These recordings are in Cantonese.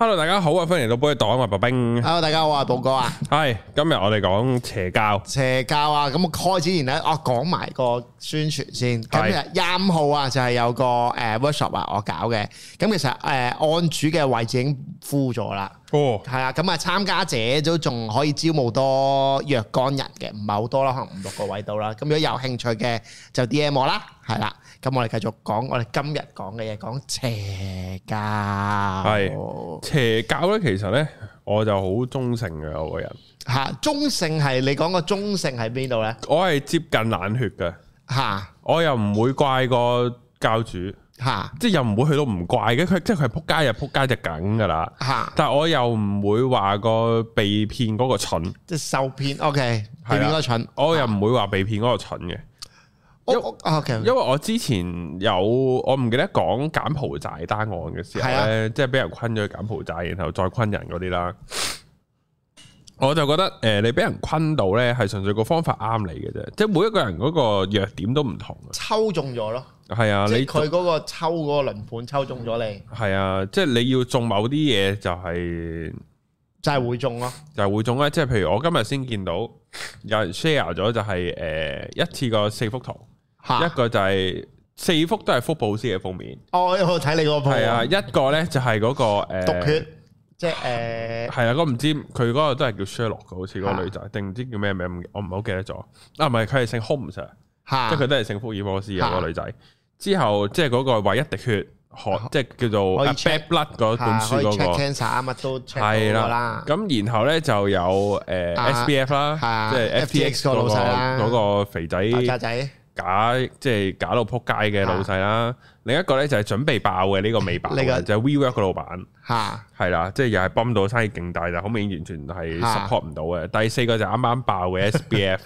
hello，大家好啊，歡迎嚟到寶藥黨啊，白兵。hello，大家好啊，寶哥啊。係， 今日我哋講邪教。邪教啊，咁我開始前咧，我講埋個宣傳先。今日廿五號啊，就係、是、有個誒、呃、workshop 啊，我搞嘅。咁其實誒，案、呃、主嘅位置已經 full 咗啦。哦，係啊，咁啊，參加者都仲可以招募多若干人嘅，唔係好多啦，可能五六個位到啦。咁如果有興趣嘅，就 DM 我啦，係啦。咁我哋繼續講，我哋今日講嘅嘢，講邪教。係邪教咧，其實咧，我就好忠誠嘅我個人。嚇，忠誠係你講個忠誠喺邊度咧？我係接近冷血嘅。嚇，我又唔會怪個教主。吓，哈即係又唔會去到唔怪嘅，佢即係佢係扑街就扑街只梗噶啦。吓，哈但係我又唔會話個被騙嗰個蠢，即係受騙。O、okay, K，被騙嗰個蠢，啊、我又唔會話被騙嗰個蠢嘅。因為，哦、okay, okay. 因為我之前有我唔記得講柬埔寨單案嘅時候咧，啊、即係俾人昆咗去柬埔寨，然後再昆人嗰啲啦。我就覺得誒，你俾人困到咧，係純粹個方法啱你嘅啫，即係每一個人嗰個弱點都唔同。抽中咗咯。係啊，你佢嗰個抽嗰個輪盤抽中咗你。係啊，即係你要中某啲嘢就係，就係會中咯，就係會中啦。即係譬如我今日先見到有人 share 咗，就係誒一次過四幅圖，蛤一個就係四幅都係福布斯嘅封面。哦，我睇你個鋪係啊，一個咧就係嗰個誒毒血。即係誒，係、呃、啊！我唔知佢嗰個都係叫 Sherlock 好似嗰、嗰個女仔，定唔知叫咩名？我唔係好記得咗。啊，唔係，佢係姓 Holmes，啊啊、即係佢都係姓福爾摩斯啊！嗰個女仔之後，即係嗰個唯一滴血，學即係叫做 Bad Blood 嗰本書嗰、嗰個。係啦、啊。咁、啊、然後咧就有誒、呃、S B F 啦，即係 F T X 嗰、嗰個老細啦，嗰個肥仔。啊啊啊啊假即係假到仆街嘅老細啦，啊、另一個咧就係準備爆嘅呢、這個未爆，個就 WeWork 個老闆吓係啦，即係又係崩到生意勁大，但係好明顯完全係 support 唔到嘅。啊、第四個就啱啱爆嘅 SBF，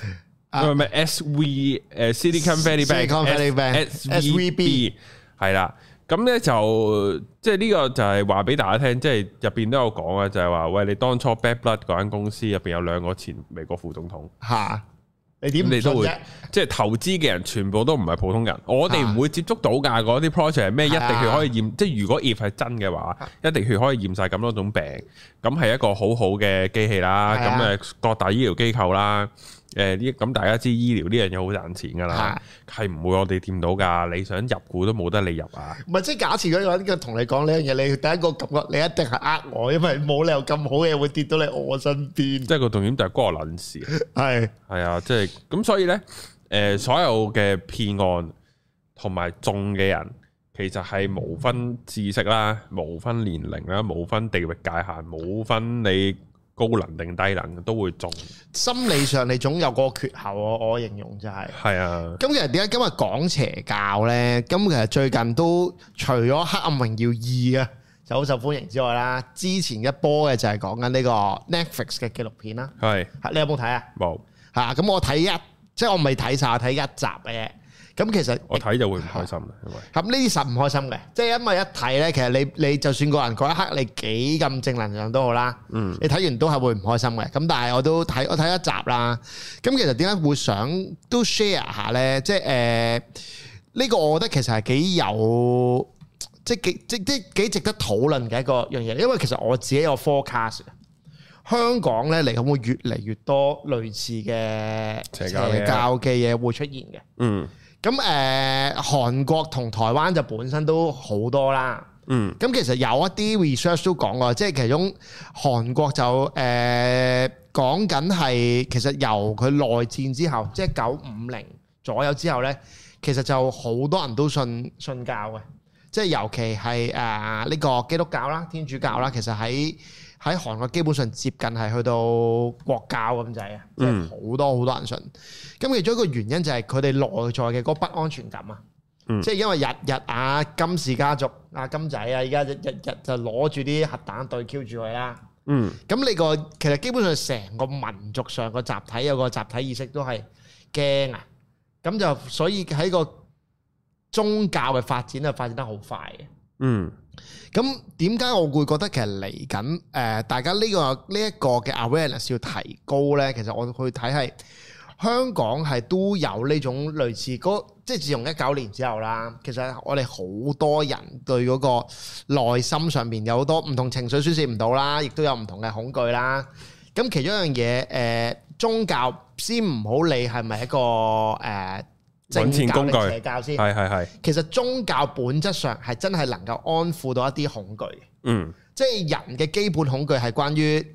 唔係 SV，誒 Silicon Valley Bank，Silicon Valley Bank，SVB 係啦，咁咧就即係呢個就係話俾大家聽，即係入邊都有講啊，就係、是、話喂你當初 Bad Blood 嗰間公司入邊有兩個前美國副總統吓。啊你點？你都會即係投資嘅人，全部都唔係普通人。我哋唔會接觸到㗎嗰啲 project 係咩？啊、一滴血可以驗，即係如果 if 係真嘅話，啊、一滴血可以驗晒咁多種病。咁係一個好好嘅機器啦。咁誒、啊，各大醫療機構啦。誒呢咁大家知醫療呢樣嘢好賺錢㗎啦，係唔、啊、會我哋掂到㗎？你想入股都冇得你入啊！唔係即係假設嗰個人同你講呢樣嘢，你第一個感覺你一定係呃我，因為冇理由咁好嘢會跌到你我身邊。即係個重點就係關我撚事。係係。 啊，即係咁，所以咧誒、呃，所有嘅騙案同埋中嘅人，其實係無分知識啦，無分年齡啦，無分地域界限，無分你。高能定低能，都會中。心理上你總有嗰個缺口，我形容就係、是。係啊。咁其實點解今日講邪教呢？咁其實最近都除咗《黑暗榮耀二》啊，就好受歡迎之外啦，之前一波嘅就係講緊呢個 Netflix 嘅紀錄片啦。係是。你有冇睇啊？冇有。嚇、啊！咁我睇一，即係我未睇晒，睇一集嘅。咁其實我睇就會唔開心啦，因為咁呢啲實唔開心嘅，即係因為一睇呢，其實你你就算個人嗰一刻你幾咁正能量都好啦，嗯，你睇完都係會唔開心嘅。咁但係我都睇我睇一集啦。咁其實點解會想都 share 下呢？即係誒呢個我覺得其實係幾有即係幾，幾值得討論嘅一個樣嘢，因為其實我自己有 forecast 香港呢，嚟緊會越嚟越多類似嘅邪教嘅嘢會出現嘅，嗯。咁誒、呃，韓國同台灣就本身都好多啦。嗯，咁其實有一啲 research 都講過，即係其中韓國就誒講緊係其實由佢內戰之後，即係九五零左右之後呢，其實就好多人都信信教嘅，即係尤其係誒呢個基督教啦、天主教啦，其實喺喺韓國基本上接近係去到國教咁滯啊，即係好、嗯、多好多人信。咁其中一個原因就係佢哋內在嘅嗰不安全感啊，嗯、即係因為日日啊金氏家族啊金仔啊，而家日日日就攞住啲核彈對 Q 住佢啦。咁、嗯、你個其實基本上成個民族上個集體有個集體意識都係驚啊，咁就所以喺個宗教嘅發展啊發展得好快嘅。嗯。咁點解我會覺得其實嚟緊誒，大家呢個呢一個嘅 awareness 要提高咧？其實我去睇係香港係都有呢種類似嗰，即係自從一九年之後啦。其實我哋好多人對嗰個內心上面有好多唔同情緒宣洩唔到啦，亦都有唔同嘅恐懼啦。咁其中一樣嘢，誒、呃，宗教先唔好理係咪一個誒。呃揾錢工具邪教先，係係係。其實宗教本質上係真係能夠安撫到一啲恐懼。嗯，即係人嘅基本恐懼係關於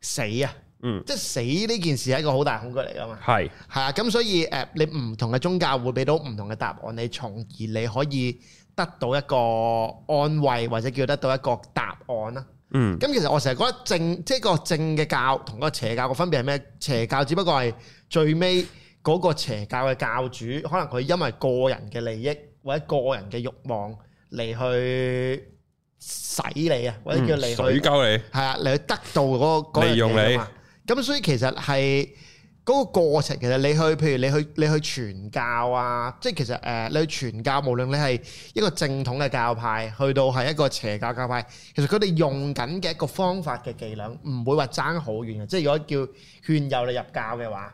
死啊。嗯，即係死呢件事係一個好大恐懼嚟㗎嘛。係，係啊。咁所以誒，你唔同嘅宗教會俾到唔同嘅答案，你從而你可以得到一個安慰，或者叫得到一個答案啦。嗯。咁其實我成日覺得正，即係個正嘅教同個邪教個分別係咩？邪教只不過係最尾。嗰個邪教嘅教主，可能佢因為個人嘅利益或者個人嘅慾望嚟去使你啊，或者叫嚟去水溝你，係啊嚟去得到嗰個利用你。咁所以其實係嗰個過程其實你去，譬如你去你去傳教啊，即係其實誒你去傳教，無論你係一個正統嘅教派，去到係一個邪教教派，其實佢哋用緊嘅一個方法嘅伎倆，唔會話爭好遠嘅。即係如果叫勸誘你入教嘅話。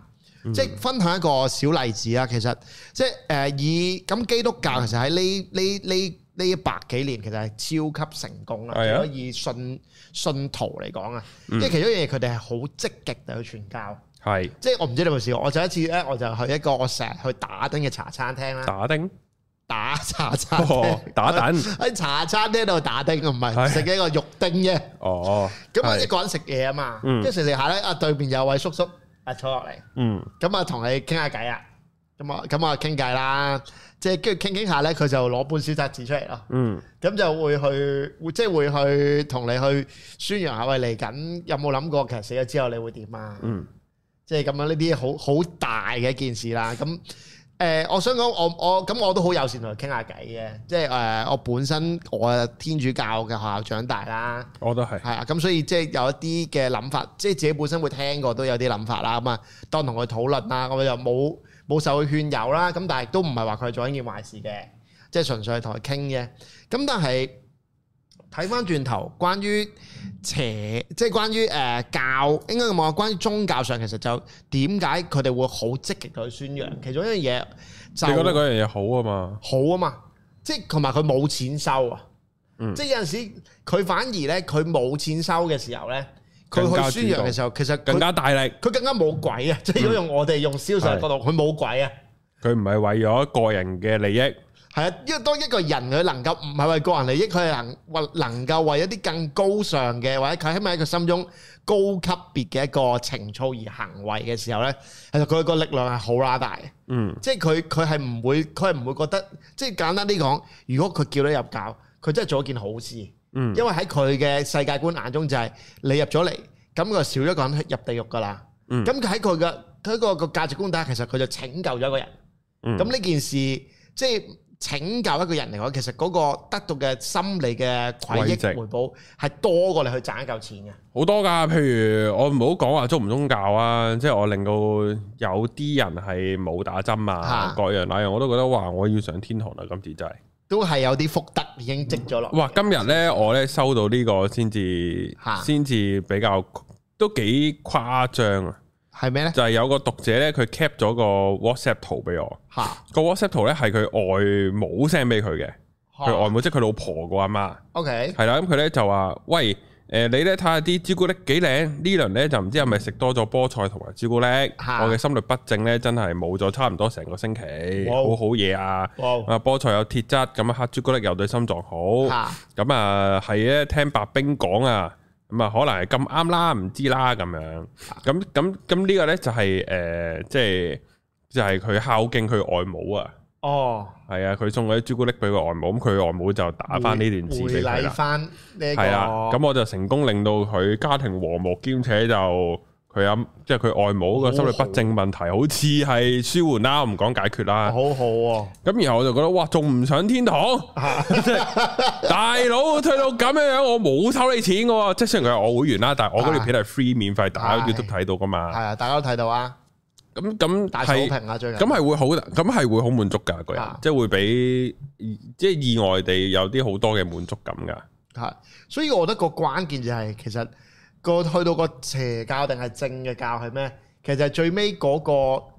即係分享一個小例子啊。其實即係誒以咁基督教其實喺呢呢呢呢一百幾年其實係超級成功啦，可以信信徒嚟講啊，即係其中一樣嘢佢哋係好積極地去傳教。係，即係我唔知你有冇試過，我就一次咧，我就去一個成日去打丁嘅茶餐廳啦。打丁，打茶餐廳打丁，喺茶餐廳度打丁唔係食一個肉丁啫。哦，咁我一個人食嘢啊嘛，跟住食食下咧，啊對面有位叔叔。啊坐落嚟，嗯，咁啊同你傾下偈啊，咁啊咁啊傾偈啦，即係跟住傾傾下咧，佢就攞本小冊子出嚟咯，嗯，咁就會去，即係會去同你去宣揚下，喂嚟緊，有冇諗過其實死咗之後你會點啊？嗯，即係咁樣呢啲好好大嘅一件事啦，咁。 誒、呃，我想講，我我咁我都好友善同佢傾下偈嘅，即係誒、呃，我本身我天主教嘅學校長大啦，我都係，係啊，咁所以即係有一啲嘅諗法，即係自己本身會聽過都有啲諗法啦，咁啊，當同佢討論啦，咁又冇冇受佢勸誘啦，咁但係都唔係話佢做緊件壞事嘅，即係純粹係同佢傾嘅，咁但係。睇翻轉頭，關於邪，即係關於誒、呃、教，應該咁講。關於宗教上，其實就點解佢哋會好積極去宣揚？其中一樣嘢，你覺得嗰樣嘢好啊嘛？好啊嘛！即係同埋佢冇錢收啊！嗯、即係有陣時佢反而咧，佢冇錢收嘅時候咧，佢去宣揚嘅時候，其實更加大力，佢更加冇鬼啊！即係如果用我哋用銷售角度，佢冇鬼啊！佢唔係為咗個人嘅利益。係啊，因為當一個人佢能夠唔係為個人利益，佢係能或能夠為一啲更高尚嘅，或者佢起碼喺佢心中高級別嘅一個情操而行為嘅時候咧，其實佢個力量係好拉大嘅。嗯，即係佢佢係唔會佢係唔會覺得，即係簡單啲講，如果佢叫你入教，佢真係做一件好事。嗯，因為喺佢嘅世界觀眼中就係，你入咗嚟，咁就少咗個人入地獄噶啦。嗯，咁佢喺佢嘅喺個個價值觀底下，其實佢就拯救咗一個人。嗯，咁呢件事即係。拯救一個人嚟講，其實嗰個得到嘅心理嘅回報係多過你去賺一嚿錢嘅，好多㗎。譬如我唔好講話宗唔宗教啊，即係我令到有啲人係冇打針啊，各樣各樣我都覺得話我要上天堂啦，今次真係都係有啲福德已經積咗落。哇！今日呢，我呢收到呢個先至，先至比較都幾誇張啊！係咩咧？就係有個讀者咧，佢 cap 咗個 WhatsApp 圖俾我。吓哈個 WhatsApp 圖咧係佢外母 send 俾佢嘅。佢哈外母即係佢老婆個阿媽。OK 係啦，咁佢咧就話：，喂，誒、呃，你咧睇下啲朱古力幾靚？呢輪咧就唔知係咪食多咗菠菜同埋朱古力，哈我嘅心律不正咧真係冇咗差唔多成個星期。哇好好嘢啊！啊哇，菠菜有鐵質，咁啊黑朱古力又對心臟好。咁啊係咧，聽白兵講啊。咁啊，可能係咁啱啦，唔知啦咁樣，咁咁咁呢個咧就係、是、誒，即、呃、係就係、是、佢、就是、孝敬佢外母啊。哦，係啊，佢送嗰啲朱古力俾佢外母，咁佢外母就打翻呢段字俾佢啦。回禮翻呢個，咁、啊、我就成功令到佢家庭和睦，兼且就。佢啊，即係佢外母個心理不正問題，好似係舒緩啦，我唔講解決啦。好好喎，咁然後我就覺得哇，仲唔上天堂？大佬退到咁樣樣，我冇收你錢嘅，即係雖然佢係我會員啦，但係我嗰條片係 free 免費打 YouTube 睇到噶嘛。係啊，大家都睇到啊。咁咁係好評啊，最近。咁係會好，咁係會好滿足噶一個人，即係會俾即係意外地有啲好多嘅滿足感噶。係，所以我覺得個關鍵就係其實。個去到個邪教定係正嘅教係咩？其實係最尾嗰個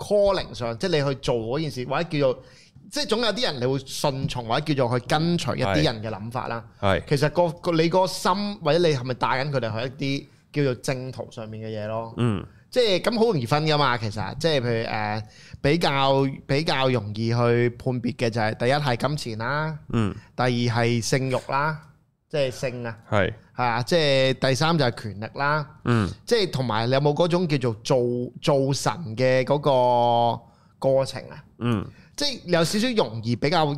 calling 上，即係你去做嗰件事，或者叫做即係總有啲人你會順從，或者叫做去跟隨一啲人嘅諗法啦。係，其實、那個個你個心，或者你係咪帶緊佢哋去一啲叫做正途上面嘅嘢咯？嗯，即係咁好容易分㗎嘛，其實即係譬如誒、呃、比較比較容易去判別嘅就係、是、第一係金錢啦，嗯，第二係性慾啦。嗯即係性啊，係是啊，即係第三就係權力啦、啊，嗯，即係同埋你有冇嗰種叫做做造神嘅嗰個過程啊，嗯，即係有少少容易比較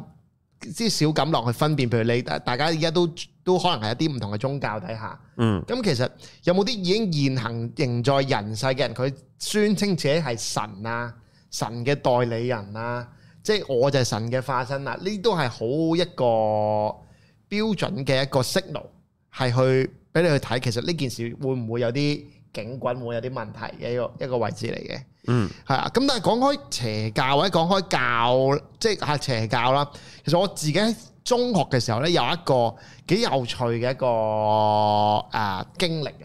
即係少敢落去分辨，譬如你大家而家都都可能係一啲唔同嘅宗教底下，嗯，咁其實有冇啲已經現行仍在人世嘅人，佢宣稱自己係神啊，神嘅代理人啊，即係我就係神嘅化身啊，呢都係好一個。標準嘅一個 signal 係去俾你去睇，其實呢件事會唔會有啲警棍，會有啲問題嘅一個一個位置嚟嘅。嗯，係啊。咁但係講開邪教或者講開教，即係邪教啦。其實我自己喺中學嘅時候呢，有一個幾有趣嘅一個誒經歷嘅。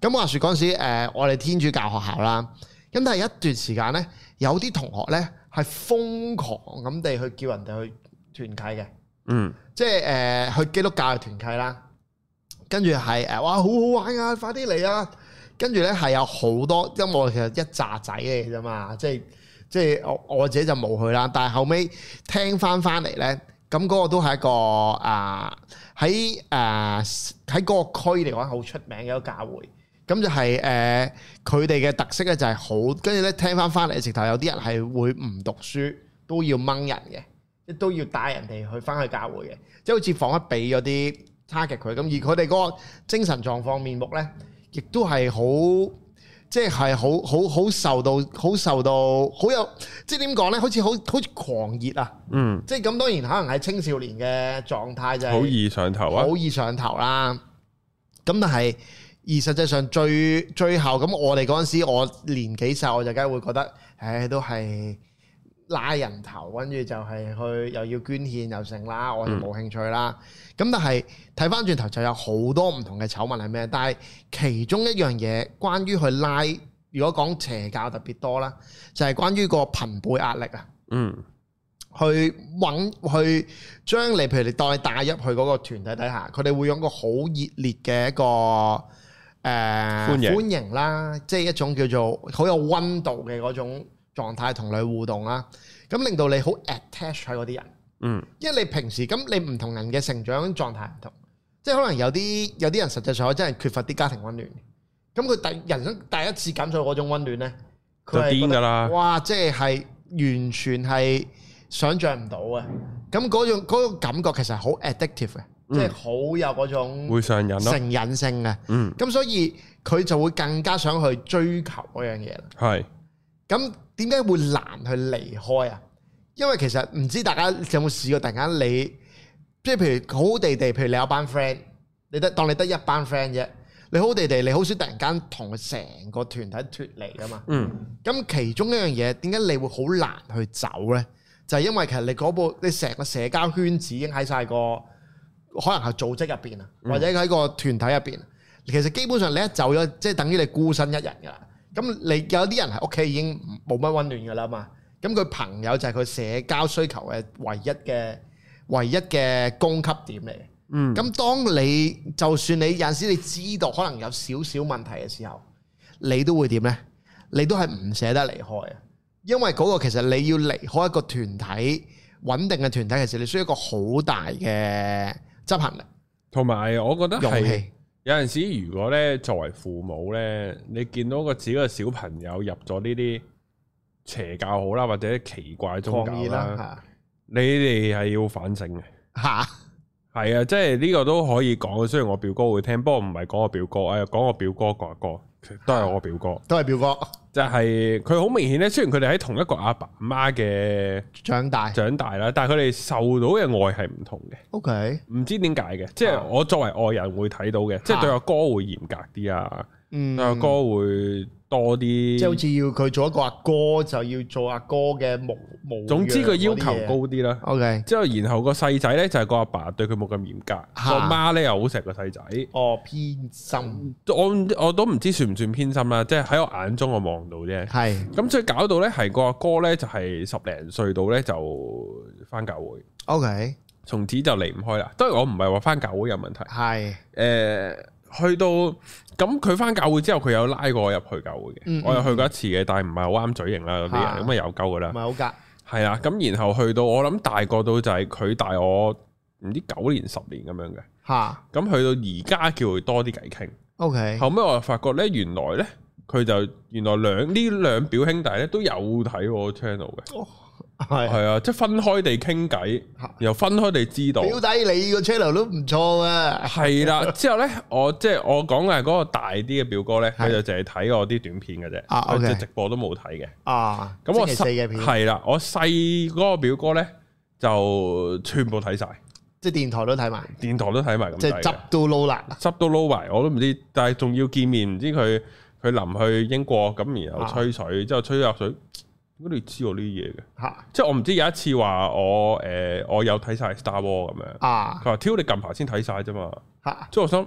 咁話説嗰陣時，誒我哋天主教學校啦。咁但係一段時間呢，有啲同學呢係瘋狂咁地去叫人哋去團契嘅。嗯，即係誒去基督教嘅團契啦，跟住係誒哇好好玩啊，快啲嚟啊！跟住咧係有好多，因為我其實一扎仔嚟啫嘛，即係即係我我自己就冇去啦。但係後尾聽翻翻嚟咧，咁嗰個都係一個啊喺誒喺嗰個區嚟講好出名嘅一個教會。咁就係誒佢哋嘅特色咧就係好，跟住咧聽翻翻嚟直頭有啲人係會唔讀書都要掹人嘅。都要帶人哋去返去教會嘅，即係好似彷彿俾咗啲 target 佢，咁而佢哋嗰個精神狀況面目呢，亦都係好，即係係好好好受到，好受到好有，即係點講呢？好似好好狂熱啊！嗯，即係咁當然可能係青少年嘅狀態就係好易上頭啊，好、嗯、易上頭啦、啊。咁但係而實際上最最後咁，我哋嗰陣時我年紀細，我就梗係會覺得，唉，都係。拉人頭，跟住就係、是、去又要捐獻又成啦，我就冇興趣啦。咁、嗯、但係睇翻轉頭就有好多唔同嘅醜聞係咩？但係其中一樣嘢，關於去拉，如果講邪教特別多啦，就係、是、關於個朋輩壓力啊。嗯、去，去揾去將你，譬如你當你帶入去嗰個團體底下，佢哋會用個好熱烈嘅一個誒、呃、歡迎歡迎啦，即、就、係、是、一種叫做好有溫度嘅嗰種，狀態同你互動啦，咁令到你好 attach 喺嗰啲人，嗯，因為你平時咁你唔同人嘅成長狀態唔同，即係可能有啲有啲人實際上真係缺乏啲家庭溫暖，咁佢第人生第一次感受嗰種溫暖呢，就癲噶啦，哇！即係完全係想象唔到嘅，咁嗰種嗰種感覺其實好 addictive 嘅，嗯，即係好有嗰種會上癮成癮性嘅，嗯，咁所以佢就會更加想去追求嗰樣嘢，係。咁點解會難去離開啊？因為其實唔知大家有冇試過突然間你，即係譬如好好地地，譬如你有班 friend，你得當你得一班 friend 啫，你好地地，你好少突然間同成個團體脫離噶嘛。嗯。咁其中一樣嘢，點解你會好難去走呢？就係因為其實你嗰部你成個社交圈子已經喺晒個，可能係組織入邊啊，或者喺個團體入邊，嗯、其實基本上你一走咗，即係等於你孤身一人噶啦。咁你有啲人喺屋企已經冇乜温暖㗎啦嘛，咁佢朋友就係佢社交需求嘅唯一嘅唯一嘅供給點嚟嘅。嗯，咁當你就算你有陣時你知道可能有少少問題嘅時候，你都會點呢？你都係唔捨得離開啊，因為嗰個其實你要離開一個團體穩定嘅團體嘅時候，你需要一個好大嘅執行力，同埋我覺得係。有陣時如果咧，作為父母咧，你見到個自己嘅小朋友入咗呢啲邪教好啦，或者奇怪宗教啦，你哋係要反省嘅。吓的，係啊， 即係呢個都可以講。雖然我表哥會聽，不過唔係講我表哥，誒、哎，講我表哥個阿哥，都係我表哥，都係表哥。就係佢好明顯咧，雖然佢哋喺同一個阿爸阿媽嘅長大長大啦，但係佢哋受到嘅愛係唔同嘅。OK，唔知點解嘅，即係我作為外人會睇到嘅，即係，啊，對阿哥會嚴格啲啊，嗯，對阿哥會。多啲，即係好似要佢做一個阿哥，就要做阿哥嘅模模。總之佢要求高啲啦。OK，之後然後個細仔咧，就係個阿爸對佢冇咁嚴格，個媽咧又好錫個細仔。哦，偏心。我我都唔知算唔算偏心啦，即係喺我眼中我望到啫。係。咁所以搞到咧，係個阿哥咧就係十零歲度咧就返教會。OK，從此就離唔開啦。當然我唔係話返教會有問題。係。誒。去到咁佢翻教會之後，佢有拉過我入去教會嘅。嗯嗯我又去過一次嘅，但係唔係好啱嘴型啦，嗰啲人，咁啊有溝噶啦，唔係好夾。係啦。咁然後去到我諗大個到就係佢大我唔知九年十年咁樣嘅。嚇、啊。咁去到而家叫佢多啲偈傾，OK。後尾我就發覺咧，原來咧佢就原來兩呢兩表兄弟咧都有睇我 channel 嘅。哦係啊，即係分開地傾偈，又分開地知道。表弟你個 channel 都唔錯啊！係啦，之後呢，我即係我講嘅嗰個大啲嘅表哥呢，佢就淨係睇我啲短片嘅啫，即係直播都冇睇嘅。啊，咁我細嘅片係啦，我細嗰個表哥呢，就全部睇晒，即係電台都睇埋，電台都睇埋，即係執都撈啦，執都撈埋，我都唔知。但係仲要見面，唔知佢佢臨去英國咁，然後吹水，之後吹咗水。如果你知我呢啲嘢嘅，即係我唔知有一次話我誒、呃、我有睇晒 Star War 咁樣，佢話挑你近排先睇晒啫嘛，即係、啊、我想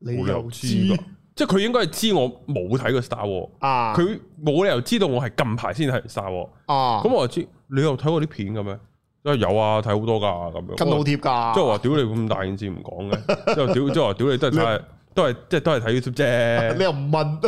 你又知嘅，知啊、即係佢應該係知我冇睇過 Star War，佢冇、啊、理由知道我係近排先睇 Star War，咁、啊、我就知你又睇我啲片嘅咩？即係有啊，睇好多㗎咁樣，咁跟貼㗎，即係話屌你咁大件事唔講嘅，即係 屌，即係話屌你真係。都係即係都係睇 YouTube 啫，咩又唔問？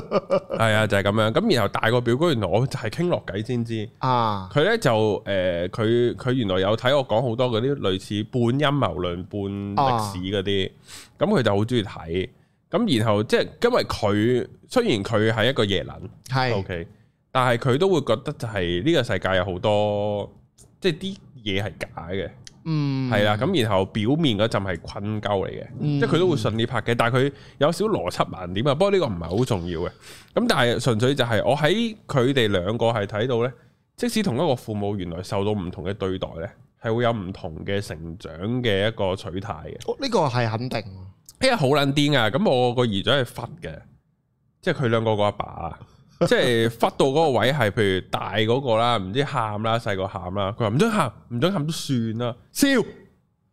係 啊，就係、是、咁樣。咁然後大個表哥原來我就係傾落偈先知啊。佢咧就誒，佢、呃、佢原來有睇我講好多嗰啲類似半陰謀論、半歷史嗰啲，咁佢、啊、就好中意睇。咁然後即係、就是、因為佢雖然佢係一個夜能，係是 OK，但係佢都會覺得就係呢個世界有好多即係啲嘢係假嘅。嗯，係啦，咁然後表面嗰陣係困鳩嚟嘅，嗯、即係佢都會順利拍嘅，但係佢有少邏輯難點啊。不過呢個唔係好重要嘅，咁但係純粹就係我喺佢哋兩個係睇到呢，即使同一個父母原來受到唔同嘅對待呢，係會有唔同嘅成長嘅一個取態嘅。呢、哦這個係肯定，因為好撚癲啊！咁我個兒仔係佛嘅，即係佢兩個個阿爸啊。即係忽到嗰個位係，譬如大嗰、嗰個啦，唔知喊啦，細個喊啦。佢話唔准喊，唔准喊都算啦。笑，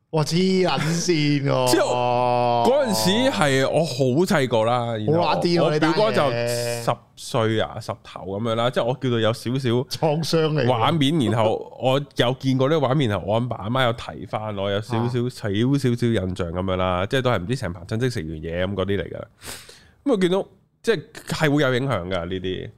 我知黐線喎。之後嗰陣時係我好細個啦，我阿弟我表哥就十歲啊，十頭咁樣啦。即係我叫做有少少創傷嘅畫面，然後我有見過啲畫面， 面，然後我阿爸阿媽有提翻我，有少少、啊、少少少印象咁樣啦。即係都係唔知成排親戚食完嘢咁嗰啲嚟噶。咁我見到。即係會有影響㗎呢啲，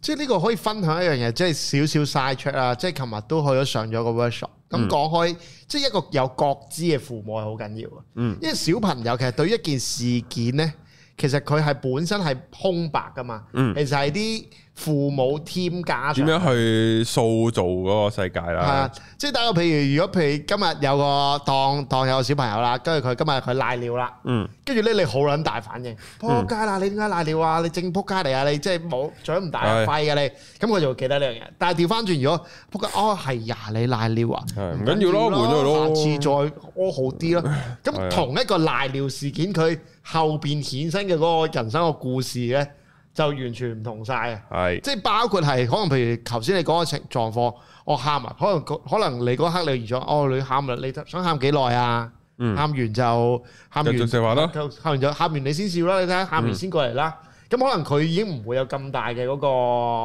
即係呢個可以分享一樣嘢，即係少少 side track 啦。即係琴日都去咗上咗個 workshop。咁講開，嗯、即係一個有覺知嘅父母係好緊要啊。嗯，因為小朋友其實對於一件事件呢，其實佢係本身係空白㗎嘛。嗯，其實係啲，父母添加，點樣去塑造嗰個世界啦？係啊，即係大家，譬如，如果譬如，譬如今日有個當當有個小朋友啦，跟住佢今日佢瀨尿啦，嗯，跟住咧你好撚大反應，撲街、嗯、啦！你點解瀨尿啊？你正撲街嚟啊？你即係冇嘴唔大肺嘅你，咁佢就會記得呢樣嘢。但係調翻轉，如果撲街，哦係呀，你瀨尿啊？唔緊要咯，換咗咯，下次再屙好啲咯。咁 同一個瀨尿事件，佢後邊衍生嘅嗰個人生嘅故事咧。就完全唔同晒。啊是！係，即係包括係可能譬如頭先你講嘅情狀況，我喊啊，可能可能你嗰刻你遇咗哦，你喊啦，你想喊幾耐啊？喊完就、嗯、喊完就笑話啦，喊完就喊完你先笑啦，你睇下，喊完先過嚟啦。咁、嗯、可能佢已經唔會有咁大嘅嗰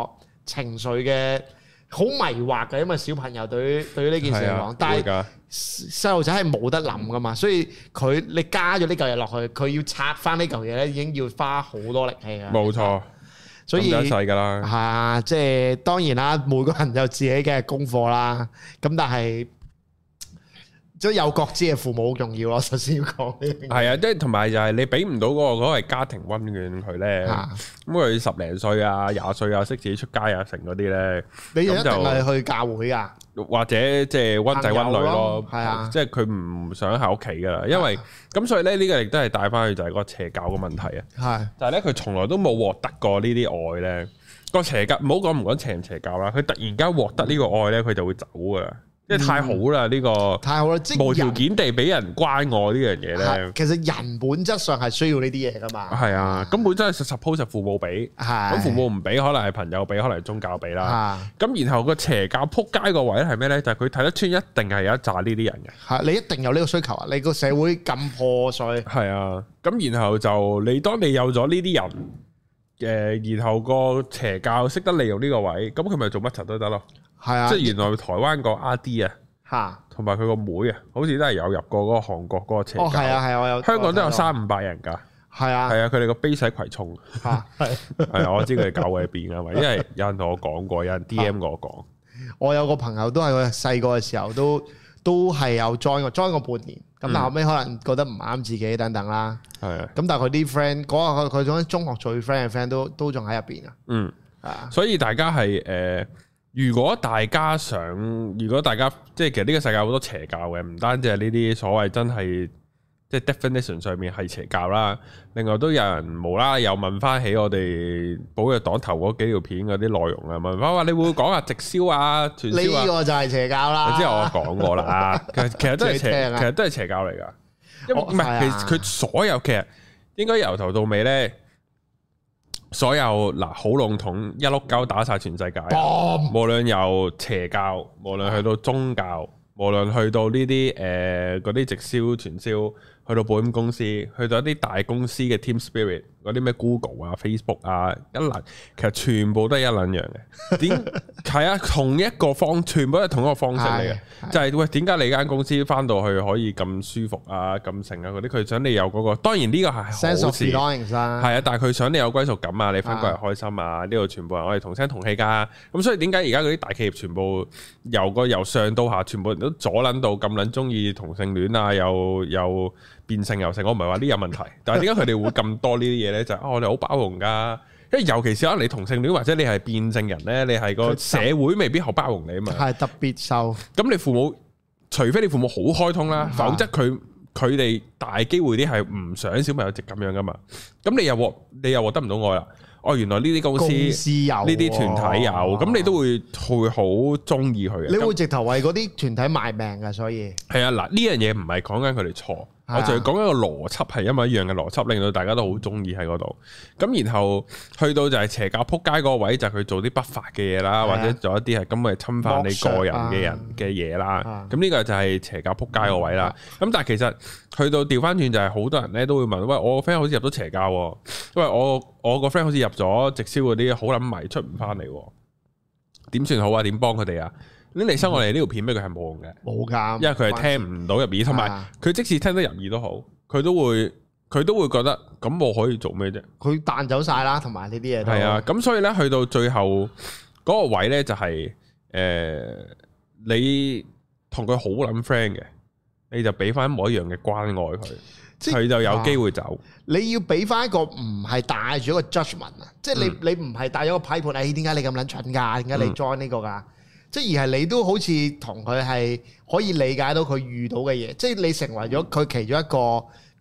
個情緒嘅好迷惑嘅，因為小朋友對於對於呢件事嚟講，的但係。細路仔係冇得諗噶嘛，所以佢你加咗呢嚿嘢落去，佢要拆翻呢嚿嘢咧，已經要花好多力氣啦。冇錯，所以咁一世噶啦。係啊，即係當然啦，每個人有自己嘅功課啦。咁但係即係有覺知嘅父母好重要咯。首先要講係啊，即係同埋就係你俾唔到嗰個嗰個家庭溫暖佢咧。咁佢十零歲啊、廿歲啊，識自己出街啊、成嗰啲咧，你一定係去教會啊。或者即係溫仔溫女咯，係啊，即係佢唔想喺屋企噶啦，因為咁、啊、所以咧呢、呢個亦都係帶翻去就係嗰個邪教嘅問題啊。係，但係咧佢從來都冇獲得過呢啲愛咧，個邪教唔好講唔講邪唔邪教啦，佢突然間獲得呢個愛咧，佢就會走噶啦。即係、嗯、太好啦，呢個太好啦，無條件地俾人關愛呢樣嘢咧。其實人本質上係需要呢啲嘢噶嘛。係啊，根、啊、本真係 suppose 父母俾，咁、啊、父母唔俾，可能係朋友俾，可能係宗教俾啦。咁、啊啊、然後個邪教撲街個位係咩咧？就係佢、是、睇得出一定係有一紮呢啲人嘅。吓、啊，你一定有呢個需求啊！你個社會咁破碎，係啊。咁然後就你當你有咗呢啲人，誒、呃，然後個邪教識得利用呢個位，咁佢咪做乜柒都得咯。係啊，即係原來台灣個阿 D 啊，吓，同埋佢個妹啊，好似都係有入過嗰個韓國嗰個邪係啊係啊，我有香港都有三五百人噶，係啊係啊，佢哋個悲 a 葵涌吓，係啊，我知佢哋搞喺邊噶嘛，因為有人同我講過，有人 D M 我講，我有個朋友都係個細個嘅時候都都係有 j o 過 j 過半年，咁但後尾可能覺得唔啱自己等等啦，係，咁但係佢啲 friend 嗰個佢佢嗰陣中學最 friend 嘅 friend 都都仲喺入邊啊。嗯，啊，所以大家係誒。如果大家想，如果大家即係其實呢個世界好多邪教嘅，唔單止係呢啲所謂真係即係、就是、definition 上面係邪教啦，另外都有人無啦又問翻起我哋寶藥黨頭嗰幾條片嗰啲內容啊，問翻話你會唔會講下直銷啊？傳銷啊？你呢個就係邪教啦。即係我講過啦，其實其實都係邪，其實都係邪教嚟㗎。唔係其實佢所有其實應該由頭到尾咧。所有嗱，好籠統，一碌膠打晒全世界，棒無論由邪教，無論去到宗教，無論去到呢啲誒嗰啲直銷傳銷。去到保險公司，去到一啲大公司嘅 team spirit，嗰啲咩 Google 啊、Facebook 啊，一撚其實全部都係一撚樣嘅。點係啊？同一個方，全部都係同一個方式嚟嘅，就係喂點解你間公司返到去可以咁舒服啊、咁成啊嗰啲？佢想你有嗰個，當然呢個係好事啦。係啊，但係佢想你有歸屬感啊，你返過嚟開心啊，呢度全部係我哋同聲同氣㗎。咁所以點解而家嗰啲大企業全部由個由上到下，全部人都左撚到咁撚中意同性戀啊，又又～變性又成，我唔係話呢有問題， 但係點解佢哋會咁多呢啲嘢呢？就係我哋好包容噶，因為尤其是可能你同性戀或者你係變性人呢，你係個社會未必好包容你啊嘛。係特別受。咁你父母，除非你父母好開通啦，否則佢佢哋大機會啲係唔想小朋友直咁樣噶嘛。咁你又獲你又獲得唔到愛啦。哦，原來呢啲公司、呢啲團體有，咁你都會會好中意佢。啊、你會直頭為嗰啲團體賣命噶，所以係啊嗱，呢樣嘢唔係講緊佢哋錯。我就係講一個邏輯，係因為一樣嘅邏輯，令到大家都好中意喺嗰度。咁然後去到就係邪教撲街嗰個位，就佢、是、做啲不法嘅嘢啦，的或者做一啲係根本係侵犯你個人嘅人嘅嘢啦。咁呢的個就係邪教撲街個位啦。咁但係其實去到調翻轉就係好多人咧都會問：喂，我個 friend 好似入咗邪教，喂我我個 friend 好似入咗直銷嗰啲好撚迷，出唔翻嚟，點算好啊？點幫佢哋啊？你嚟收我哋呢條片俾佢係冇用嘅，冇噶的，因為佢係聽唔到入耳，同埋佢即使聽得入耳都好，佢都會佢都會覺得咁我可以做咩啫？佢彈走晒啦，同埋呢啲嘢係啊，咁所以咧去到最後嗰個位咧就係、是、誒、呃，你同佢好撚 friend 嘅，你就俾翻一模一樣嘅關愛佢，佢即就有機會走。啊、你要俾翻一個唔係帶住一個 judgement 啊、嗯，即係你你唔係帶咗個批判，誒、哎，點解你咁撚蠢噶？點解你 join 呢、嗯、個噶？即而係你都好似同佢係可以理解到佢遇到嘅嘢，即係你成為咗佢其中一個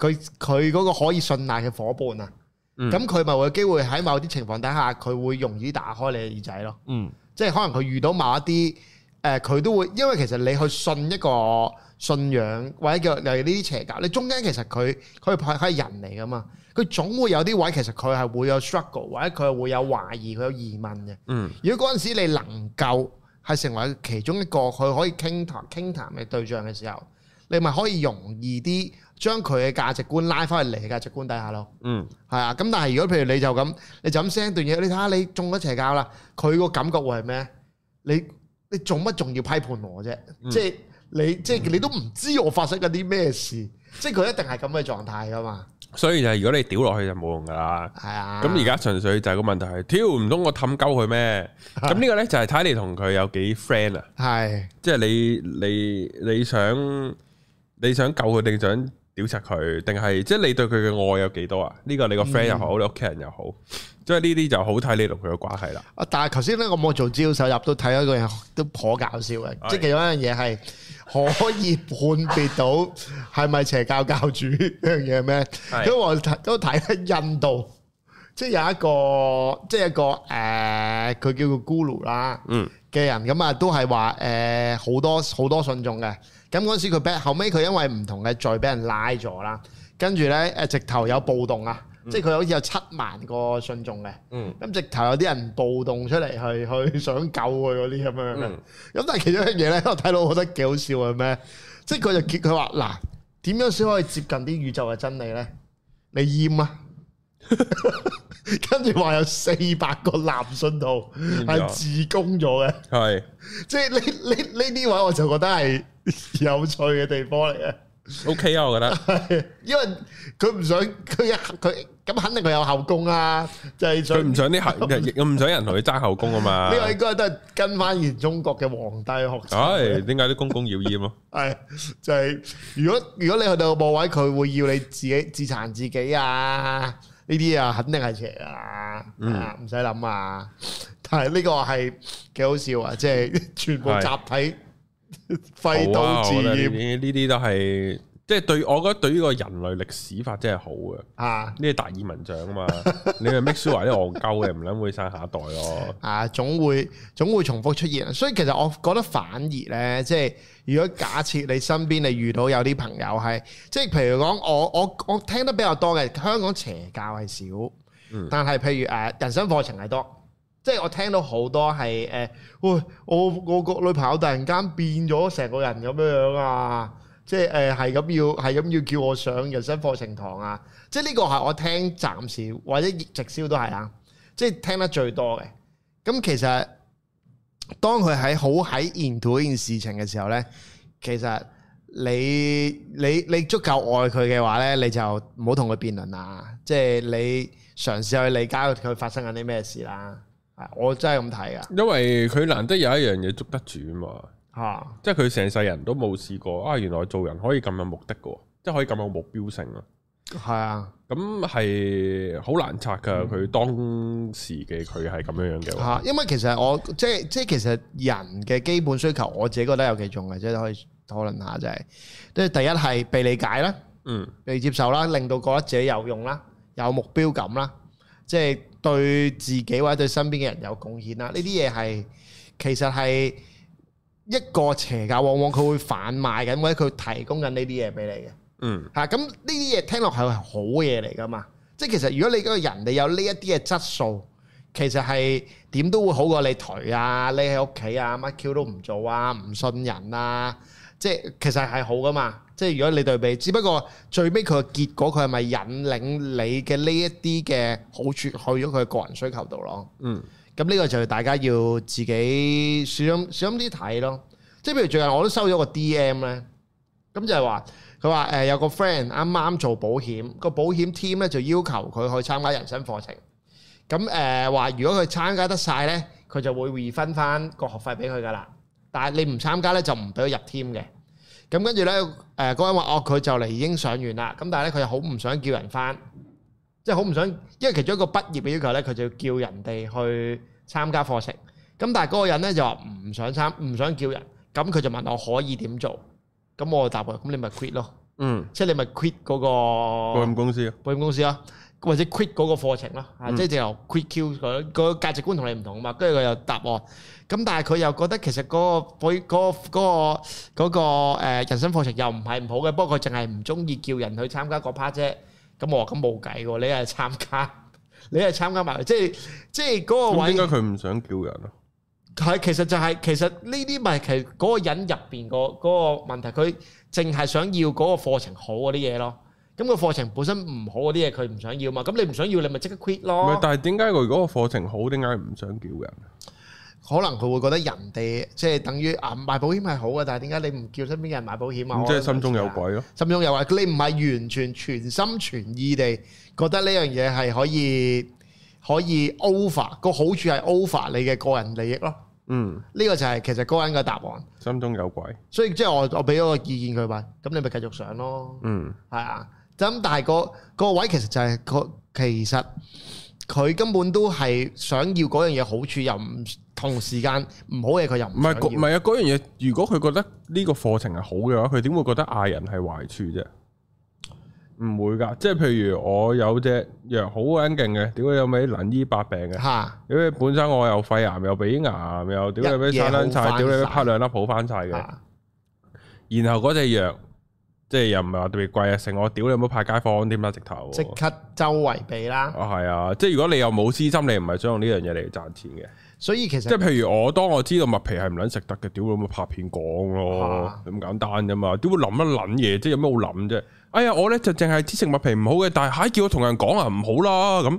佢佢嗰個可以信賴嘅伙伴啊。咁佢咪會有機會喺某啲情況底下，佢會容易打開你嘅耳仔咯。嗯，即係可能佢遇到某一啲誒，佢、呃、都會因為其實你去信一個信仰或者叫例如呢啲邪教，你中間其實佢佢係人嚟噶嘛，佢總會有啲位其實佢係會有 struggle 或者佢係會有懷疑佢有疑問嘅。嗯，如果嗰陣時你能夠係成為其中一個佢可以傾談傾談嘅對象嘅時候，你咪可以容易啲將佢嘅價值觀拉翻去你嘅價值觀底下咯。嗯，係啊。咁但係如果譬如你就咁，你就咁 send 段嘢，你睇下你中咗邪教啦，佢個感覺會係咩？你你做乜仲要批判我啫？即係、嗯、你即係、就是、你都唔知我發生嗰啲咩事，即係佢一定係咁嘅狀態噶嘛。所以就係如果你屌落去就冇用噶啦，係啊。咁而家純粹就係個問題係，屌唔通我氹鳩佢咩？咁呢 個咧就係睇你同佢有幾 friend 啊。係是，即係你你你想你想救佢定想屌柒佢，定係即係你對佢嘅愛有幾多啊？呢個你個 friend 又好，你屋企人又好，即係呢啲就好睇你同佢嘅關係啦。啊！但係頭先咧，我冇做招手入到睇一個人都頗搞笑嘅，即係其中一樣嘢係。可以判別到係咪邪教教主呢樣嘢咩？的因為我都睇得印度，即係有一個，即係一個誒，佢叫做 Guru 啦，嗯嘅人咁啊，都係話誒好多好多信眾嘅。咁嗰時佢，後尾佢因為唔同嘅，罪，俾人拉咗啦。跟住咧誒，直頭有暴動啊！即係佢好似有七萬個信眾嘅，咁、嗯、直頭有啲人暴動出嚟，係去想救佢嗰啲咁樣。咁但係其中一樣嘢咧，我睇到我覺得幾好笑係咩？即係佢就見佢話嗱，點樣先可以接近啲宇宙嘅真理咧？你閹啊？跟住話有四百個男信徒係自供咗嘅，係即係呢呢呢啲位我就覺得係有趣嘅地方嚟嘅。O K 啊，okay, 我覺得， 因為佢唔想佢一佢咁肯定佢有後宮啊，就係佢唔想啲後，唔想， 想人同佢爭後宮啊嘛。呢個應該都係跟翻原中國嘅皇帝學、啊哎。唉，點解啲公公要閹啊？係 就係、是、如果如果你去到個部位，佢會要你自己自殘自己啊！呢啲啊，肯定係邪、嗯、啊，唔使諗啊。但係呢個係幾好笑啊！即、就、係、是、全部集體是。 廢刀自閹呢啲都係，即係對我覺得對呢個人類歷史法真係好啊！呢個達爾文獎啊嘛， 你咪 make sure 啲戇鳩嘅唔諗會生下一代咯。啊，總會總會重複出現，所以其實我覺得反而呢，即係如果假設你身邊你遇到有啲朋友係，即係譬如講我我我聽得比較多嘅香港邪教係少，但係譬如誒人生課程係多。即係我聽到好多係誒，喂、呃，我我個女朋友突然間變咗成個人咁樣樣啊！即係誒，係、呃、咁要係咁要叫我上人生課程堂啊！即係呢個係我聽暫時或者直銷都係啊！即係聽得最多嘅。咁其實當佢喺好喺 into 呢件事情嘅時候咧，其實你你你足夠愛佢嘅話咧，你就唔好同佢辯論啊！即係你嘗試去理解佢發生緊啲咩事啦。係，我真係咁睇噶。因為佢難得有一樣嘢捉得住啊嘛。吓，即係佢成世人都冇試過啊，過原來做人可以咁有目的噶，即係可以咁有目標性咯。係啊，咁係好難拆噶。佢、嗯、當時嘅佢係咁樣樣嘅。吓、啊，因為其實我即係即係其實人嘅基本需求，我自己覺得有幾重嘅，即係可以討論下就係、是，即係第一係被理解啦，嗯，被接受啦，令到覺得自己有用啦，有目標感啦，即係。對自己或者對身邊嘅人有貢獻啦，呢啲嘢係其實係一個邪教，往往佢會販賣緊或者佢提供緊呢啲嘢俾你嘅，嗯、啊，嚇咁呢啲嘢聽落係好嘢嚟噶嘛？即係其實如果你嗰個人你有呢一啲嘅質素，其實係點都會好過你頹啊，匿喺屋企啊，乜 Q 都唔做啊，唔信人啊，即係其實係好噶嘛。即係如果你對比，只不過最尾佢嘅結果，佢係咪引領你嘅呢一啲嘅好處去咗佢個人需求度咯？嗯，咁呢個就大家要自己小心啲睇咯。即係譬如最近我都收咗個 DM 咧，咁就係話佢話誒有個 friend 啱啱做保險，個保險 team 咧就要求佢去參加人生課程。咁誒話如果佢參加得晒咧，佢就會回分翻個學費俾佢㗎啦。但係你唔參加咧，就唔俾佢入 team 嘅。咁跟住呢，誒嗰個人話：哦，佢就嚟已經上完啦。咁但係呢，佢又好唔想叫人返，即係好唔想，因為其中一個畢業嘅要求呢，佢就要叫人哋去參加課程。咁但係嗰個人呢就話唔想參，唔想叫人。咁佢就問我可以點做？咁我答佢：咁你咪 quit 咯，嗯，即係你咪 quit 嗰個保險公司啊，保險公司啊。或者 quit 嗰個課程咯，啊、嗯，即係就 quit 佢，佢價值觀你同你唔同啊嘛，跟住佢又答我，咁但係佢又覺得其實嗰、嗰個、嗰個、嗰個誒、嗰個嗰個、人生課程又唔係唔好嘅，不過佢淨係唔中意叫人去參加嗰 part 啫。咁我話咁冇計嘅，你係參加，你係參加埋，即係即係嗰個位。應該佢唔想叫人咯。係、就是，其實就係其實呢啲咪其實嗰個人入邊個嗰個問題，佢淨係想要嗰個課程好嗰啲嘢咯。咁個課程本身唔好嗰啲嘢，佢唔想要嘛？咁你唔想要，你咪即刻 quit 咯。唔係，但係點解佢如果個課程好，點解唔想叫人？可能佢會覺得人哋即係等於啊賣保險係好嘅，但係點解你唔叫身邊嘅人買保險啊？即係心中有鬼咯，啊。心中有鬼，你唔係完全全心全意地覺得呢樣嘢係可以可以 over 個好處係 over 你嘅個人利益咯。嗯，呢個就係其實個人嘅答案。心中有鬼，所以即係、就是，我我俾咗個意見佢話。咁你咪繼續上咯。嗯，係啊。咁但係個、嗰個位其實就係、是、佢其實佢根本都係想要嗰樣嘢好處，又唔同時間唔好嘢。佢又唔係唔係啊嗰樣嘢，如果佢覺得呢個課程係好嘅話，佢點會覺得嗌人係壞處啫？唔會噶，即係譬如我有隻藥好撚勁嘅，點解有咩能醫百病嘅？吓哈，因為本身我又肺癌又鼻癌又點解咩生捻晒，點解全拍兩粒好翻晒嘅？哈然後嗰隻藥。即係又唔係話特別貴啊！成我屌你有冇派街坊點啦直頭、啊，即刻周圍俾啦。啊係啊！即係如果你又冇私心，你唔係想用呢樣嘢嚟賺錢嘅，所以其實即係譬如我當我知道麥皮係唔撚食得嘅，屌你咪拍片講咯，咁、啊、簡單啫嘛！點會諗一諗嘢？即係有咩好諗啫？哎呀，我呢就淨係知食麥皮唔好嘅，但係、哎、叫我同人講啊唔好啦咁，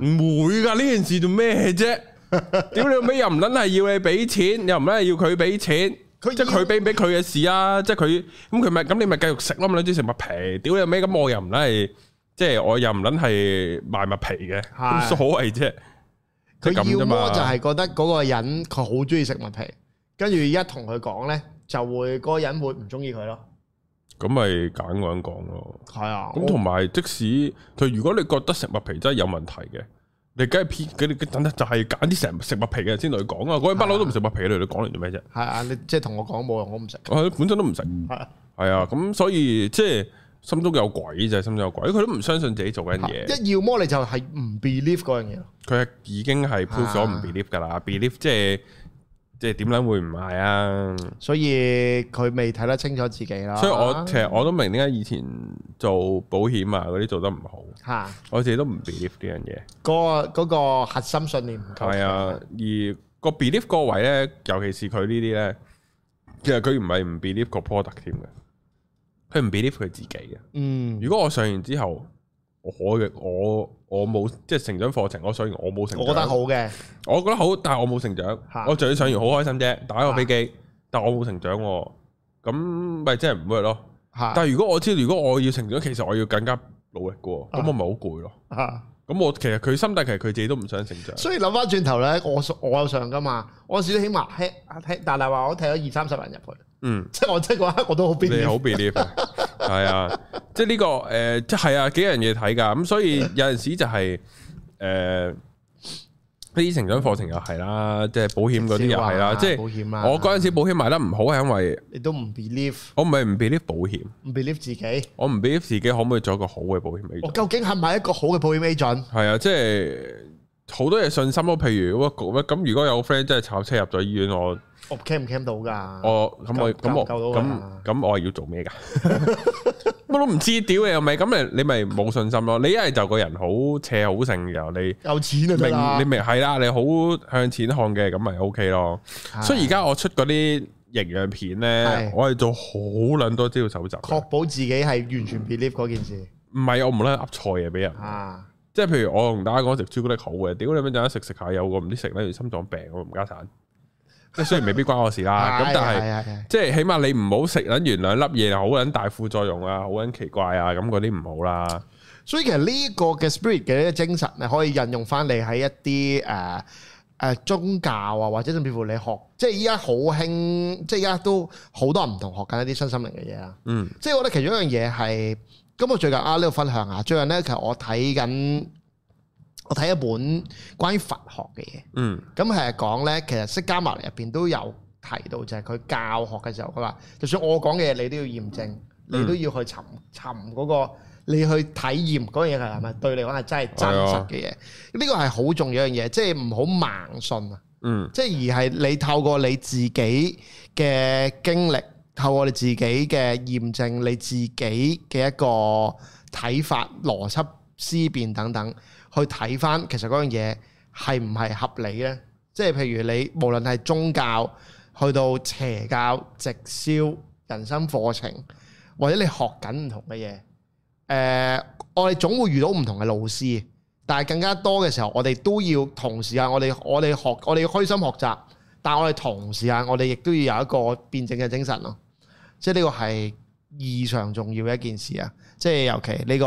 唔會㗎、啊、呢件事做咩啫？ 屌你咩又唔撚係要你俾錢，又唔撚係要佢俾錢。即係佢俾唔俾佢嘅事啊！即係佢咁，佢咪咁你咪繼續食咯！咁你中意食麥皮屌你咩咁？我又唔捻係即係我又唔捻係賣麥皮嘅，冇的所謂啫。佢要我就係覺得嗰個人佢好中意食麥皮，跟住一同佢講咧，就會嗰個人會唔中意佢咯。咁咪揀個人講咯。係啊的。咁同埋即使佢如果你覺得食麥皮真係有問題嘅。你梗係偏佢等就係揀啲食食物皮嘅，先同佢講啊！嗰啲不嬲都唔食物皮嚟，你講嚟做咩啫？係啊，你即係同我講冇用，我唔食。我本身都唔食。係啊的，咁所以即係心中有鬼就係心中有鬼，佢都唔相信自己做緊嘢。一要麼你就係唔 believe 嗰樣嘢咯。佢已經係 push 咗唔 believe 噶啦，believe 即係。即係點解會唔買啊？所以佢未睇得清楚自己啦。所以我其實我都明點解以前做保險啊嗰啲做得唔好。吓、啊，我自己都唔 believe 呢樣嘢。嗰、嗰個、嗰個核心信念係啊。而個 believe 個位咧，尤其是佢呢啲咧，其實佢唔係唔 believe 個 product 添嘅，佢唔 believe 佢自己嘅。嗯，如果我上完之後。我嘅我我冇即係成長課程，我上完我冇成長。我覺得好嘅，我覺得好，但係我冇成長。的我仲要上完好開心啫，打一個飛機，的但我冇成長，啊，咁咪即係唔 work 咯。的但係如果我知道如果我要成長，其實我要更加努力嘅，咁我咪好攰咯。咁的我其實佢心底其實佢自己都唔想成長。所以諗翻轉頭咧，我我有上噶嘛，我至少起碼睇睇，大大話我睇咗二三十人入去。嗯，即係我即係嗰刻我都好 believe，你好 believe 係啊，即係、這、呢個誒、呃，即係啊，幾樣嘢睇噶，咁所以有陣時就係、是、誒，呢啲成長課程又係啦，即係保險嗰啲又係啦，即係保險啊！我嗰陣時保險賣得唔好係因為你都唔 believe，我唔係唔 believe 保險，唔 believe 自己，我唔 believe 自己可唔可以做一個好嘅保險 agent，我究竟係唔係一個好嘅保險 agent？係啊，即係。好多嘢信心咯，譬如咁如果有 friend 真係炒車入咗醫院，我我 cam 唔 cam 到噶？嗯、我咁我咁我咁咁我係要做咩噶？ 我都唔知，屌你又咪咁咪你咪冇信心咯？你一係就個人好斜好性又你有錢你你你啊？明你咪係啦，你好向錢看嘅咁咪 OK 咯。的所以而家我出嗰啲營養片咧，的我係做好捻多資料搜集，確保自己係完全 believe 嗰件事。唔係我唔想噏錯嘢俾人。啊即係譬如我同大家講食朱古力好嘅，屌你咩陣間食食下有個唔知食緊條心臟病個唔家產，即係雖然未必關我事啦，咁但係即係起碼你唔好食緊完兩粒嘢，好撚大副作用啊，好撚奇怪啊，咁嗰啲唔好啦。所以其實呢個嘅 spirit 嘅精神，你可以引用翻你喺一啲誒誒宗教啊，或者甚至乎你學，即係依家好興，即係依家都好多唔同學緊一啲新心靈嘅嘢啊。嗯，即係我覺得其中一樣嘢係。咁我最近啊呢個分享啊，最近呢、嗯，其實我睇緊，我睇一本關於佛學嘅嘢，嗯，咁係講呢，其實釋迦牟尼入邊都有提到，就係、是、佢教學嘅時候，佢話就算我講嘅嘢，你都要驗證，嗯，你都要去尋尋嗰個，你去體驗嗰樣嘢係咪對你講係真係真實嘅嘢？呢個係好重要一樣嘢，即係唔好盲信啊，嗯，即係而係你透過你自己嘅經歷。靠我哋自己嘅驗證，你自己嘅一個睇法、邏輯、思辨等等，去睇翻其實嗰樣嘢係唔係合理呢？即係譬如你無論係宗教，去到邪教、直銷、人生課程，或者你學緊唔同嘅嘢，誒、呃，我哋總會遇到唔同嘅老師，但係更加多嘅時候，我哋都要同時呀，我哋我哋學，我哋要開心學習。但我哋同時間，我哋亦都要有一個辯證嘅精神咯，即係呢個係異常重要嘅一件事啊！即係尤其呢個，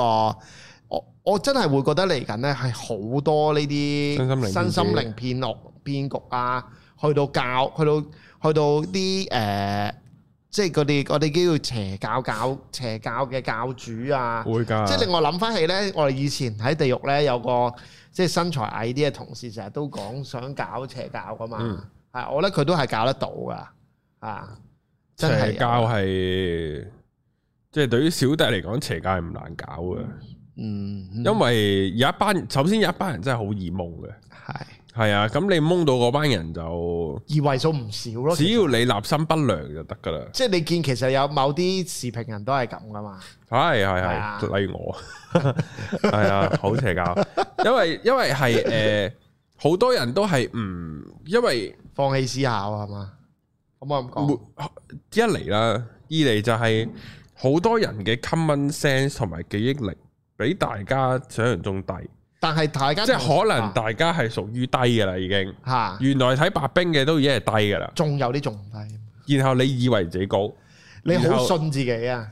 我我真係會覺得嚟緊呢係好多呢啲身心靈騙樂騙局啊！去到教，去到去到啲誒、呃，即係嗰啲我哋叫邪教教邪教嘅教主啊，會教，即係令我諗翻起呢，我哋以前喺地獄呢，有個即係身材矮啲嘅同事，成日都講想搞邪教噶嘛。嗯。係，我咧佢都係搞得到噶，啊！真邪教係，即係對於小弟嚟講，邪教係唔難搞嘅、嗯。嗯，因為有一班，首先有一班人真係好易蒙嘅。係係是啊，咁你蒙到嗰班人就為數唔少咯。只要你立心不良就得噶啦。即係你見其實有某啲視頻人都係咁噶嘛。係係係，例如我，係 啊，好邪教。因為因為係誒，好多人都係唔因為。因為.放棄思考啊係嘛？可唔可以咁講？一嚟啦，二嚟就係好多人嘅 common sense 同埋記憶力比大家想象中低。但係大家即係可能大家係屬於低噶啦，已經吓。啊、原來睇白兵嘅都已經係低噶啦，仲有啲仲低。然後你以為自己高，你好信自己啊？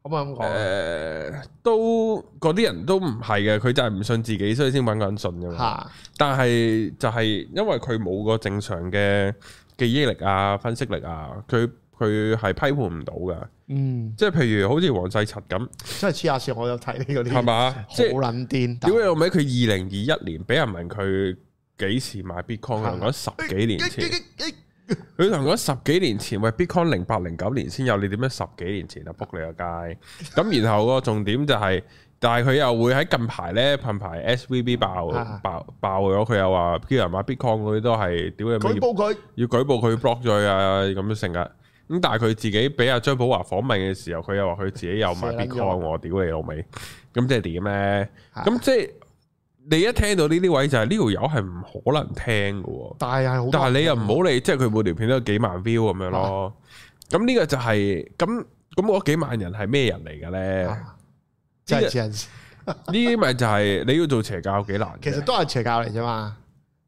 可唔可以咁講？誒、呃，都嗰啲人都唔係嘅，佢就係唔信自己，所以先搵個人信噶嘛。啊、但係就係因為佢冇個正常嘅記憶力啊、分析力啊，佢佢係批判唔到噶。嗯，即係譬如好似黃世澤咁，嗯、即係黐下線，我有睇呢嗰啲。係嘛吧，即係好卵癲。屌你老味，佢二零二一年俾人問佢幾時買 bitcoin，講、啊啊、十幾年前。欸欸欸欸佢同我十幾年前喂，Bitcoin 零八零九年先有，你點樣十幾年前啊 b 你個街？咁 然後個重點就係、是，但係佢又會喺近排咧，近排 s v b 爆爆 爆咗，佢又話 PAM Bitcoin 嗰啲都係屌你要舉報佢，要舉報佢 blog c 罪啊咁樣成日。咁但係佢自己俾阿張寶華訪問嘅時候，佢又話佢自己有買 Bitcoin 喎，屌你老味，咁即係點咧？咁即係。你一聽到呢啲位就係呢條友係唔可能聽嘅喎，但係又好，但係你又唔好理，啊、即係佢每條片都有幾萬 view 咁樣咯。咁呢、啊、個就係咁咁嗰幾萬人係咩人嚟嘅咧？即係、即係呢啲咪就係、是、 你要做邪教有幾難？其實都係邪教嚟啫嘛，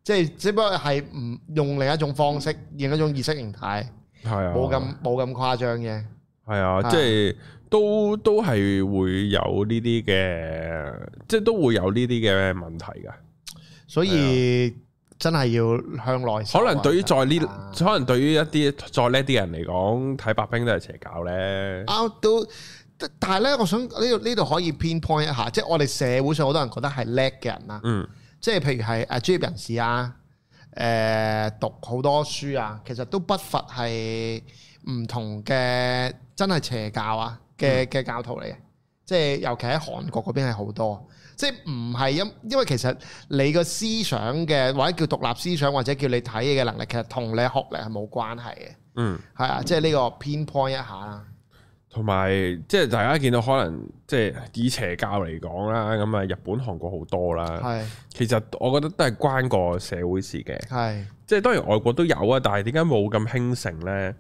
即、就、係、是、只不過係唔用另一種方式，另一種意識形態，係啊，冇咁冇咁誇張嘅。係啊，即係都都係會有呢啲嘅，即係都會有呢啲嘅問題噶。所以、啊、真係要向內、啊。可能對於再呢，啊、可能對於一啲再叻啲人嚟講，睇白兵都係邪教咧。啊，都但係咧，我想呢度呢度可以 pinpoint 一下，即係我哋社會上好多人覺得係叻嘅人啊，嗯，即係譬如係啊，專業人士啊，誒、呃，讀好多書啊，其實都不乏係。唔同嘅真係邪教啊嘅嘅、嗯、教徒嚟嘅，即係尤其喺韓國嗰邊係好多，即係唔係因因為其實你個思想嘅或者叫獨立思想或者叫你睇嘢嘅能力，其實同你學歷係冇關係嘅。嗯，係啊，即係呢、這個偏 point、嗯、一下啦。同埋即係大家見到可能即係以邪教嚟講啦，咁啊日本、韓國好多啦。係是，其實我覺得都係關個社會事嘅。係是，即係當然外國都有啊，但係點解冇咁興盛咧？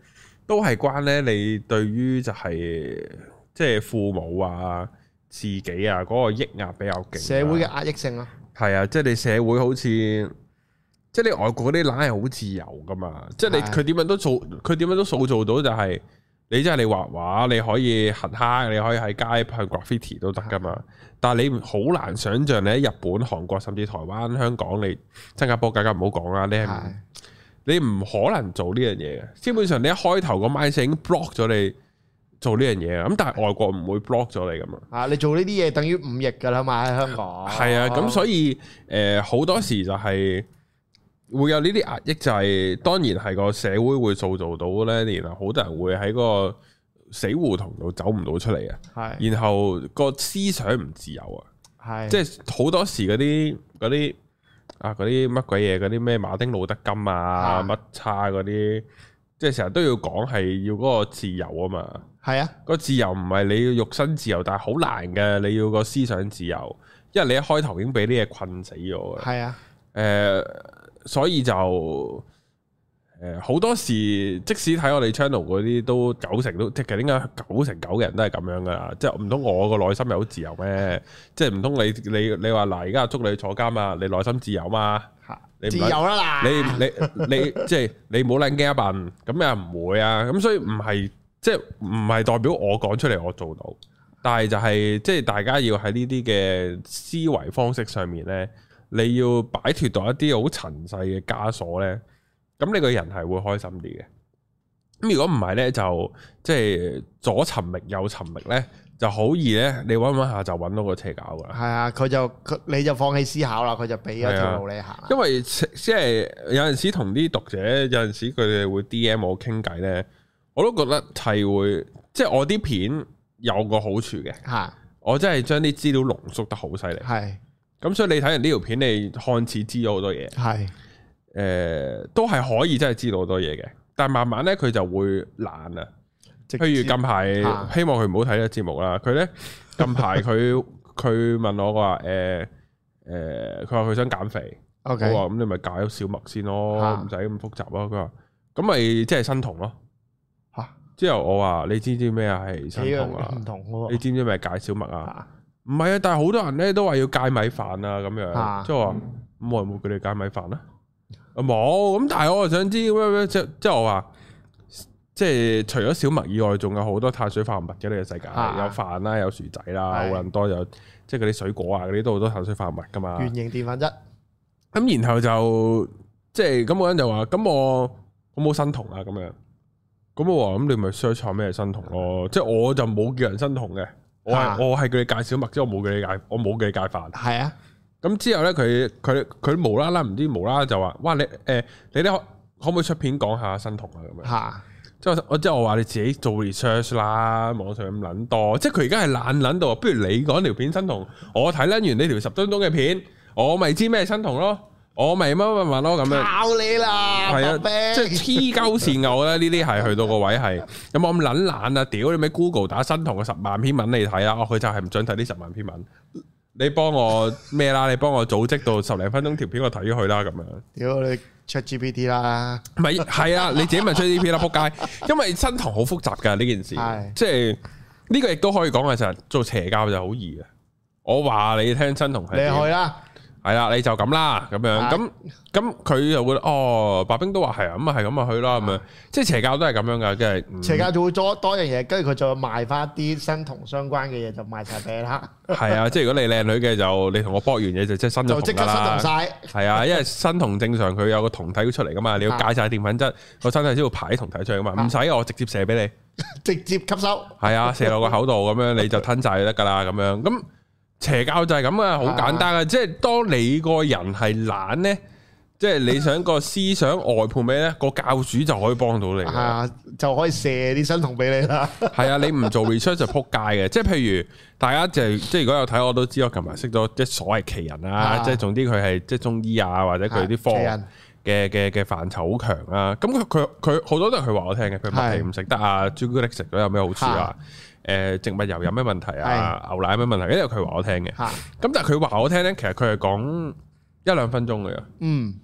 都係關咧，你對於就係即係父母啊、自己啊嗰、那個抑壓比較勁、啊，社會嘅壓抑性咯。係啊，即係、啊就是、你社會好似，即、就、係、是、你外國嗰啲人係好自由噶嘛，的即係你佢點樣都做，佢點樣都塑造到就係你即係你畫畫你可以行蝦，你可以喺街噴 graffiti 都得噶嘛。的但係你好難想像你喺日本、韓國甚至台灣、香港、你新加坡更加唔好講啦，你係。你唔可能做呢樣嘢嘅，基本上你一開頭個 mindset 已經 block 咗你做呢樣嘢。咁但係外國唔會 block 咗你噶嘛。啊，你做呢啲嘢等於五億噶啦嘛喺香港。係啊，咁所以誒好多時就係會有呢啲壓抑，就係當然係個社會會塑造造到咧，然後好多人會喺個死胡同度走唔到出嚟啊。係是，然後個思想唔自由啊。係是，即係好多時嗰啲嗰啲。啊！嗰啲乜鬼嘢？嗰啲咩馬丁路德金啊，乜叉嗰啲，即係成日都要講係要嗰個自由啊嘛。係啊，個自由唔係你要肉身自由，但係好難嘅。你要個思想自由，因為你一開頭已經俾啲嘢困死咗嘅。係啊，誒、呃，所以就。誒好多時，即使睇我哋 channel 嗰啲都九成都，其實點解九成九人都係咁樣噶啦。即係唔通我個內心好自由咩？即係唔通你你你話嗱，而家捉你，你坐監啊，你內心自由嘛？吓！你自由啦嗱！你你 你即係你唔好諗驚一笨，咁又唔會啊。咁所以唔係即係唔係代表我講出嚟我做到，但係就係、是、即係大家要喺呢啲嘅思維方式上面咧，你要擺脱到一啲好塵世嘅枷鎖咧。咁你個人係會開心啲嘅，咁如果唔係咧，就即係左尋覓右尋覓咧，就好易咧，你揾揾下就揾到個邪教噶啦。係啊，佢就佢你就放棄思考啦，佢就俾咗條路你行，啊。因為即係有陣時同啲讀者，有陣時佢哋會 DM 我傾偈咧，我都覺得係會，即係我啲片有個好處嘅，係、啊、我真係將啲資料濃縮得好犀利。係、啊，咁所以你睇完呢條片，你看似知咗好多嘢。係、啊。誒，都係可以，真係知道好多嘢嘅。但係慢慢咧，佢就會懶啊。譬如近排，希望佢唔好睇呢個節目啦。佢咧近排佢佢問我話誒誒，佢話佢想減肥。我話咁你咪戒咗小麥先咯，唔使咁複雜咯。佢話咁咪即係生酮咯。吓，之後我話你知唔知咩啊？係生酮啊，你知唔知咩戒小麥啊？唔係啊，但係好多人咧都話要戒米飯啊，咁樣即係話我係冇叫你戒米飯啦。冇，咁、啊、但係我又想知即係、就是、我話，即、就、係、是、除咗小麥以外，仲有好多碳水化合物嘅呢個世界，啊、有飯啦，有薯仔啦，好的多有即係嗰啲水果啊，嗰啲都好多碳水化合物噶嘛。原型澱粉質。咁、啊、然後就即係咁個人就話，咁我我冇生酮啦咁樣。咁我話，咁你咪 search 下咩係生酮咯，即係的我就冇叫人生酮嘅，我我係叫你戒小麥，即係我冇叫你戒我冇叫，叫你戒飯。係啊的。咁之後咧，佢佢佢無啦啦，唔知無啦啦就話，哇！你誒、欸，你咧可可唔可以出片講下新同啊？咁樣。嚇！即係我即係我話你自己做 research 啦，網上咁撚多，即係佢而家係懶撚到，不如你講條片新同，我睇撚完呢條十分鐘嘅片，我咪知咩新同咯，我咪乜乜乜咯咁樣。教你啦，係啊，即係黐鳩線我咧，呢啲係去到個位係有冇咁撚懶啊？屌你咪 Google 打新同嘅十萬篇文嚟睇啊！我佢就係唔想睇呢十萬篇文。你幫我咩啦？你幫我組織到十零分鐘條片我睇咗佢啦咁樣。屌你出 GPT 啦！唔係，係啊，你自己咪出 GPT 啦仆街。因為親同好複雜噶呢件事，是即係呢、呢個亦都可以講係實做邪教就好易啊。我話你聽親同係你去啦。係啦，你就咁啦，咁樣咁咁佢又會哦，白兵都話係啊，咁啊係咁啊去啦咁樣，即係的、嗯、邪教都係咁樣噶，即係邪教就會多多樣嘢，跟住佢再賣翻啲生酮相關嘅嘢就賣晒俾你啦。係啊，即係如果你靚女嘅就你同我搏完嘢就，就即係新即刻生酮晒。係啊，因為生酮正常佢有個酮體出嚟噶嘛，你要戒晒澱粉質，個的身體先會排酮體出嚟噶嘛，唔使的我直接射俾你，直接吸收。係啊，射落個口度咁樣你就吞晒就得噶啦咁樣咁。邪教就係咁啊，好簡單啊，即係當你個人係懶呢，啊、即係你想個思想外判俾呢個教主就可以幫到你啊，就可以射啲新桶俾你啦。係啊，你唔做 research 就扑街嘅，即係譬如大家就即係如果有睇我都知我，我琴日識咗即係所謂奇人是啊，啊，即係總之佢係即係中醫啊或者佢啲科嘅嘅嘅範疇好強啊，咁佢佢好多都係佢話我聽嘅，佢唔食唔食得啊，朱古力食咗有咩好處啊？誒，植物油有咩問題啊？的牛奶有咩問題啊？因為佢話我聽嘅，咁的但係佢話我聽呢，其實佢係講一兩分鐘嘅，嗯，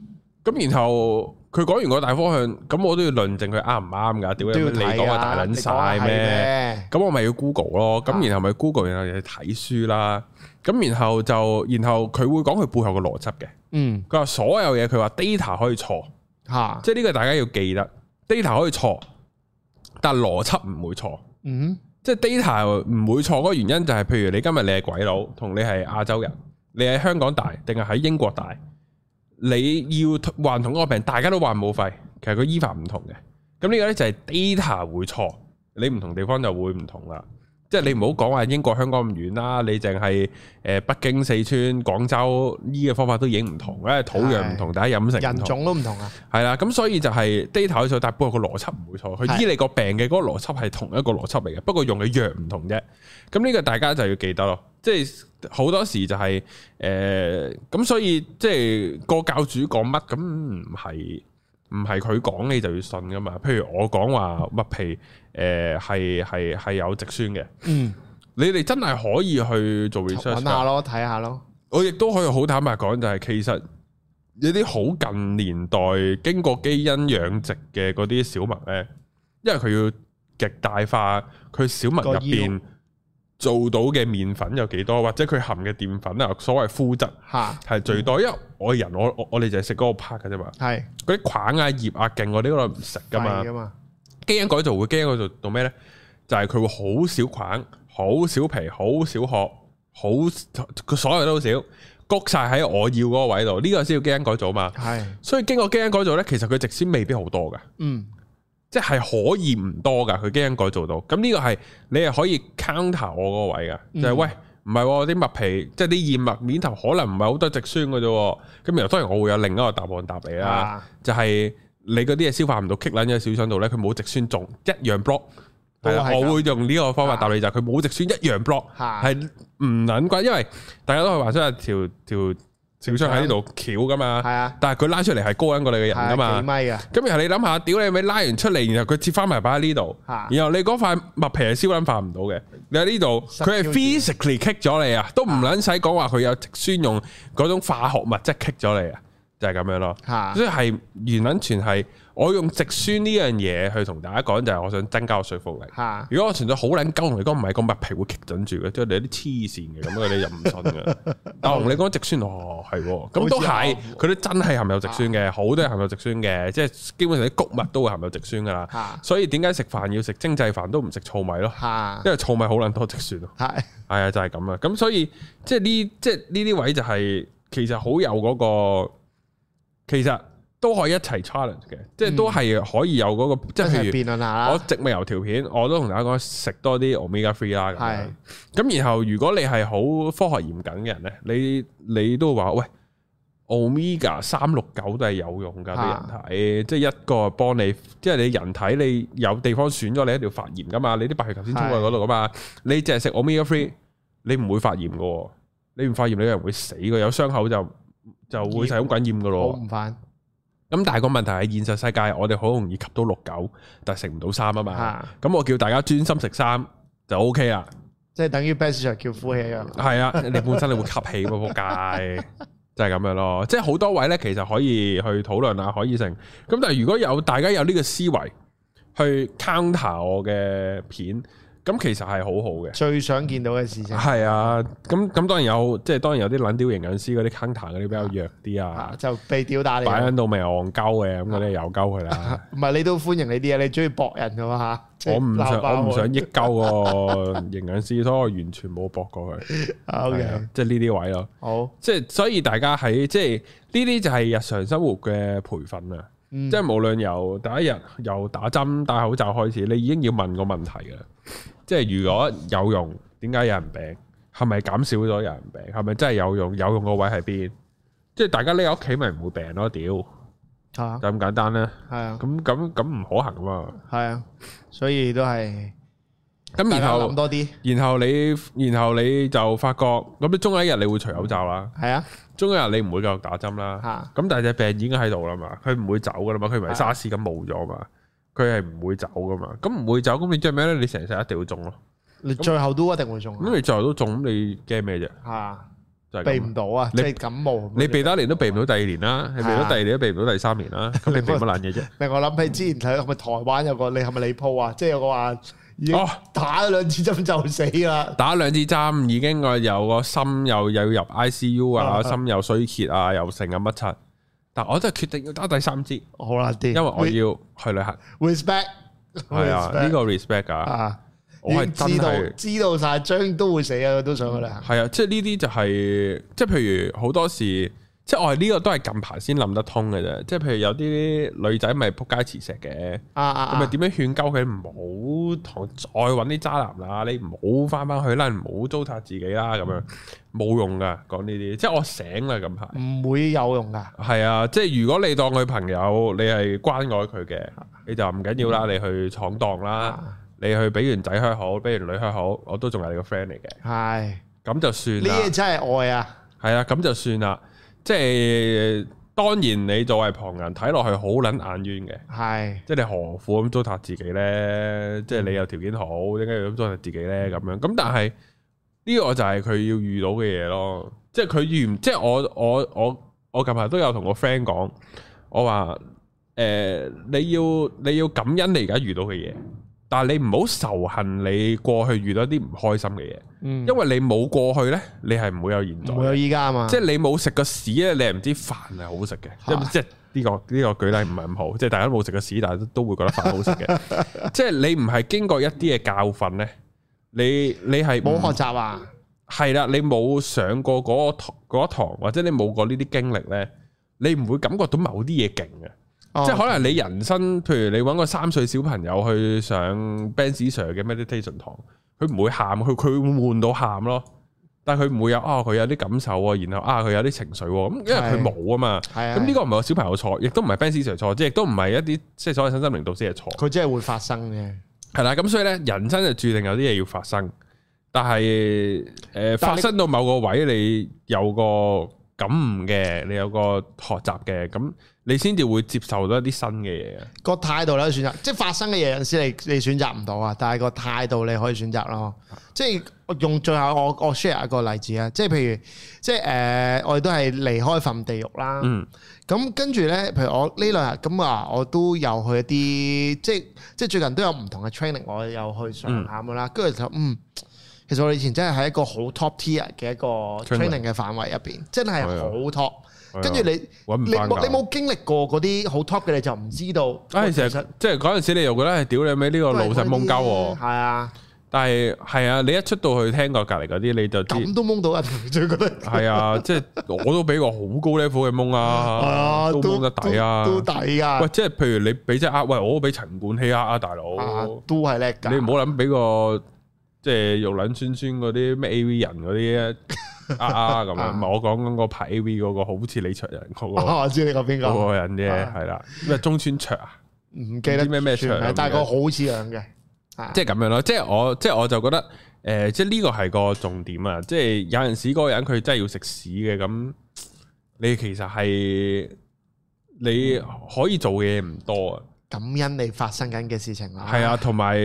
咁然後佢講完個大方向，咁我都要論證佢啱唔啱噶？點解、啊、你講係大捻晒咩？咁我咪要 Google 咯，咁然後咪 Google，然後又睇書啦，咁然後就然後，然後佢的會講佢背後嘅邏輯嘅，嗯，佢話所有嘢佢話 data 可以錯，吓的，即係呢個大家要記得，data 可以錯，但係邏輯唔會錯，嗯。即係 data 唔會錯嗰個原因就係，譬如你今日你係鬼佬，同你係亞洲人，你喺香港大定係喺英國大，你要患同一個病，大家都患冇費，其實佢醫法唔同嘅。咁呢個咧就係 data 會錯，你唔同地方就會唔同啦。即係你唔好講話英國香港咁遠啦，你淨係誒，北京四川、廣州醫嘅方法都已經唔同，因為土壤唔同，大家飲食人種都唔同啊。係啦，咁所以就係 data 係錯，但係不過個邏輯唔會錯，佢醫你個病嘅嗰個邏輯係同一個邏輯嚟嘅，不過用嘅藥唔同啫。咁呢個大家就要記得咯。即係好多時就係、是、誒，咁、呃、所以即係個教主講乜，咁唔係。唔係，佢講你就要信噶嘛？譬如我講話麥皮，誒，係係係有植酸嘅。嗯，你哋真係可以去做 research 下咯，睇下咯。我亦都可以好坦白講，就係其實有啲好近年代經過基因養殖嘅嗰啲小麥咧，因為佢要極大化佢小麥入邊做到嘅麵粉有幾多，或者佢含嘅澱粉謂質啊，所謂麩質，係最多。因為我人我我哋就係食嗰個 part 嘅啫嘛。係嗰啲菌啊葉啊莖嗰啲度唔食噶嘛基。基因改造、就是、會、這個、基因改造到咩咧？就係佢會好少菌、好少皮，好少殼，好佢所有都好少，焗晒喺我要嗰個位度。呢個先叫基因改造啊嘛。係是，所以經過基因改造咧，其實佢值先未必好多噶。嗯。即係可以唔多噶，佢基因改造到，咁呢個係你係可以 counter 我嗰個位噶，就係、是嗯、喂，唔係喎啲麥皮，即係啲燕麥面頭，可能唔係好多植酸嘅啫，咁然後當然我會有另一個答案答你啦，啊、就係你嗰啲嘢消化唔到，棘輪嘅小腸度咧，佢冇植酸，仲一樣 block，啊啊啊、我會用呢個方法答你就係佢冇植酸一樣 block，係唔緊關，因為大家都係話齋條條。成箱喺呢度撬噶嘛，係啊，樣但係佢拉出嚟係高緊過你嘅人噶嘛，咁的然後你諗下，屌的你咪拉完出嚟，然後佢切翻埋擺喺呢度，啊、然後你嗰塊麥皮係燒捻化唔到嘅，你喺呢度，佢係 physically kick 咗你啊，都唔撚使講話佢有酸用嗰種化學物質 kick 咗你啊。就係咁樣咯，所以係原諒全係我用植酸呢樣嘢去同大家講，就係我想增加我說服力。如果我存在好撚鳩，同你講唔係個麥皮會棘準住嘅，即係你有啲黐線嘅咁你又唔信嘅。但我同你講植酸，哦係，咁都係，佢啲真係含有植酸嘅，好多係含有植酸嘅，即係基本上啲谷物都會含有植酸噶啦。所以點解食飯要食精製飯都唔食糙米咯？因為糙米好撚多植酸。係係啊，就係咁啊。咁所以即係呢，即係呢啲位就係其實好有嗰個。其實都可以一齊 challenge 嘅，嗯、即係都係可以有嗰、那個，即係譬如我植物油條片，我都同大家講食多啲 omega three 啦。係咁是，然後如果你係好科學嚴謹嘅人咧，你你都話喂，omega 三六九都係有用噶，是對人體即係、就是、一個幫你，即係你人體你有地方損咗，你一定要發炎噶嘛，你啲白血球先衝去嗰度噶嘛，是你淨係食 omega three，你唔會發炎噶，你唔發炎你個人會死噶，有傷口就。就會就好感染噶咯，補唔翻。咁但係個問題係現實世界，我哋好容易吸到六九，9, 但係食唔到三啊嘛。咁我叫大家專心食三就 OK 啦。即係等於 best 上叫呼氣一樣啊。係啊，你本身你會吸氣喎扑街，就係、是、咁樣咯。即係好多位咧，其實可以去討論啊，可以剩。咁但係如果有大家有呢個思維去 counter 我嘅片。咁其實係好好嘅，最想見到嘅事情係 啊！咁咁當然有，即係當然有啲撚屌營養師嗰啲 counter 嗰啲比較弱啲啊,啊，就被吊打嚟擺喺度咪戇鳩嘅咁，嗰啲又鳩佢啦。唔係、啊、你都歡迎你啲啊！你中意搏人噶嘛嚇？我唔想我唔想益鳩個營養師， 所以我完全冇搏過去。O K，即係呢啲位咯。好，即係所以大家喺即係呢啲就係日常生活嘅培訓啊！即係、嗯、 無論由第一日由打針戴口罩開始，你已經要問個問題㗎啦。即係如果有用，點解有人病？係咪減少咗有人病？係咪真係有用？有用個位喺邊？即係大家匿喺屋企咪唔會病咯？屌，就咁簡單咧？係啊，咁咁咁唔可行噶嘛？係啊，所以都係咁，然後多啲，然後你，然後你就發覺咁，你中有一日你會除口罩啦，係啊，中有一日你唔會繼續打針啦，嚇，咁但係隻病已經喺度啦嘛，佢唔會走噶啦嘛，佢唔係沙士咁冇咗嘛。佢係唔會走噶嘛？咁唔會走，咁你即係咩咧？你成世一定會中咯、啊。你最後都一定會中、啊。咁你最後都中，咁你驚咩啫？係啊，避唔到啊，你係感冒感。你避得一年都避唔到，第二年啦、啊，啊、你避得第二年都避唔到，第三年啦、啊。咁你避乜難嘢啫？咪 外我諗起之前睇係咪台灣有個是是你係咪李波啊？即係有個話哦，打兩支針就死啦。打兩支針已經個有個心又又入 ICU 啊，心又衰竭啊，又成啊乜柒。但我都係決定要打第三支，好啦啲，因為我要去旅行。respect 係啊，呢 個 respect 啊，啊我係是 知道，知道晒張都會死啊，都想去旅行。係、嗯、啊，即係呢啲就係、是，即係譬如好多時。即係我係呢個都係近排先諗得通嘅啫，即係譬如有啲女仔咪扑街磁石嘅，咁咪點樣勸鳩佢唔好同再揾啲渣男啦，你唔好翻翻去啦，唔好糟蹋自己啦，咁、嗯、樣冇用噶，講呢啲，即係我醒啦，咁係唔會有用噶，係啊，即係如果你當佢朋友，你係關愛佢嘅，你就唔緊要,要啦，你去闖蕩啦，嗯、你去俾完仔靴好，俾完女靴好，我都仲係你個 friend 嚟嘅，係、哎，咁就算啦，呢啲真係愛啊，係啊，咁就算啦。即係當然，你作為旁人睇落去好捻眼冤嘅，係的即係你何苦咁糟蹋自己呢？嗯、即係你有條件好，點解要咁糟蹋自己呢？咁樣咁，但係呢個就係佢要遇到嘅嘢咯。即係佢遇唔即係我我我我近排都有同個 friend 講，我話誒、呃，你要你要感恩你而家遇到嘅嘢。但係你唔好仇恨你過去遇到一啲唔開心嘅嘢，因為你冇過去咧，你係唔會有現在，冇有依家啊嘛。即係你冇食過屎咧，你係唔知飯係好食嘅。即係呢個呢個舉例唔係咁好，即係大家冇食過屎，但係都會覺得飯好食嘅。即係你唔係經過一啲嘅教訓咧，你你係冇學習啊。係啦，你冇上過嗰個嗰一堂，或者你冇過呢啲經歷咧，你唔會感覺到某啲嘢勁嘅。哦、即係可能你人生，白譬如你搵個三歲小朋友去上 Ben Sir 嘅 meditation 堂，佢唔會喊，佢佢會悶到喊咯。但係佢唔會有啊，佢、哦、有啲感受啊，然後啊，佢有啲情緒咁，因為佢冇啊嘛。咁呢個唔係個小朋友錯，亦都唔係 Ben Sir 錯，即係亦都唔係一啲即係所謂身心靈導師嘅錯。佢只係會發生嘅。係啦，咁所以咧，人生就注定有啲嘢要發生。但係誒，呃、你發生到某個位，你有個感悟嘅，你有個學習嘅咁。你先至會接受到一啲新嘅嘢。個態度咧，選擇，即係發生嘅嘢有陣時你你選擇唔到啊，但係個態度你可以選擇咯。即係我用最後我我 share 一個例子啊，即係譬如即係誒、呃，我哋都係離開份地獄啦。咁、嗯、跟住咧，譬如我呢兩日咁啊，我都有去一啲即係即係最近都有唔同嘅 training，我有去上下噶啦。跟住、嗯、就嗯，其實我哋以前真係喺一個好 top tier 嘅一個 training 嘅範圍入邊，真係好 top。跟住你你冇經歷過嗰啲好 top 嘅，你就唔知道。唉，成日，即係嗰陣時，你又覺得係屌你咩？呢個老實蒙鳩喎。係啊，但係係啊，你一出到去聽個隔離嗰啲，你就點都蒙到啊。最覺得係啊！即係我都俾個好高 level 嘅蒙啊，都蒙得抵啊，都抵噶。喂，即係譬如你俾隻呃，喂我都俾陳冠希呃啊，大佬都係叻㗎。你唔好諗俾個。即係玉卵村村嗰啲咩 A.V. 人嗰啲啊咁樣，唔係 我講緊個排 A.V. 嗰個好似李卓人個，我知你講邊個嗰個人啫，係啦，咩中村卓啊？唔記得咩咩卓，但係好似樣嘅，即係咁樣咯。即係我即係我就覺得誒、呃，即係呢個係個重點啊！即係有陣時嗰個人佢真係要食屎嘅咁，你其實係你可以做嘅嘢唔多啊、嗯！感恩你發生緊嘅事情啦，係啊，同埋。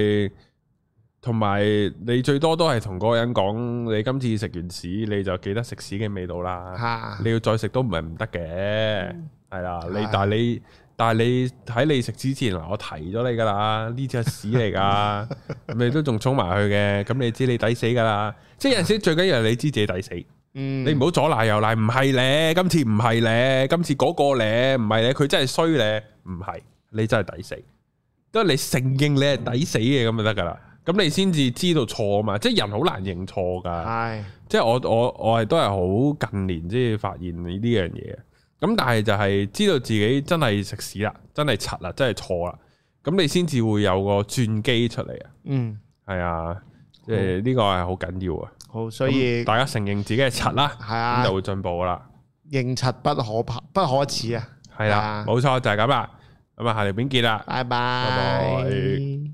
同埋你最多都係同嗰個人講，你今次食完屎，你就記得食屎嘅味道啦。哈 你要再食都唔係唔得嘅，係啦。你但係你但係你喺你食之前，我提咗你噶啦，呢隻屎嚟噶， 你都仲衝埋去嘅。咁你，你，你知你抵死噶啦，即係有陣時最緊要係你知自己抵死。嗯，你唔好左賴右賴，唔係咧，今次唔係咧，今次嗰個咧，唔係咧，佢真係衰咧，唔係你真係抵死。都係你承認你係抵死嘅咁就得噶啦。嗯 咁你先至知道錯啊嘛，即係人好難認錯㗎。係是，即係我我我係都係好近年先發現呢樣嘢。咁但係就係知道自己真係食屎啦，真係柒啦，真係錯啦。咁你先至會有個轉機出嚟、嗯、啊。嗯好，係啊，誒呢個係好緊要啊。好，所以大家承認自己係柒啦，係、嗯、啊，就會進步啦。認柒不可怕，不可恥啊。係啦，冇錯就係咁啦。咁啊，啊就是、下條片見啦。拜拜。拜拜。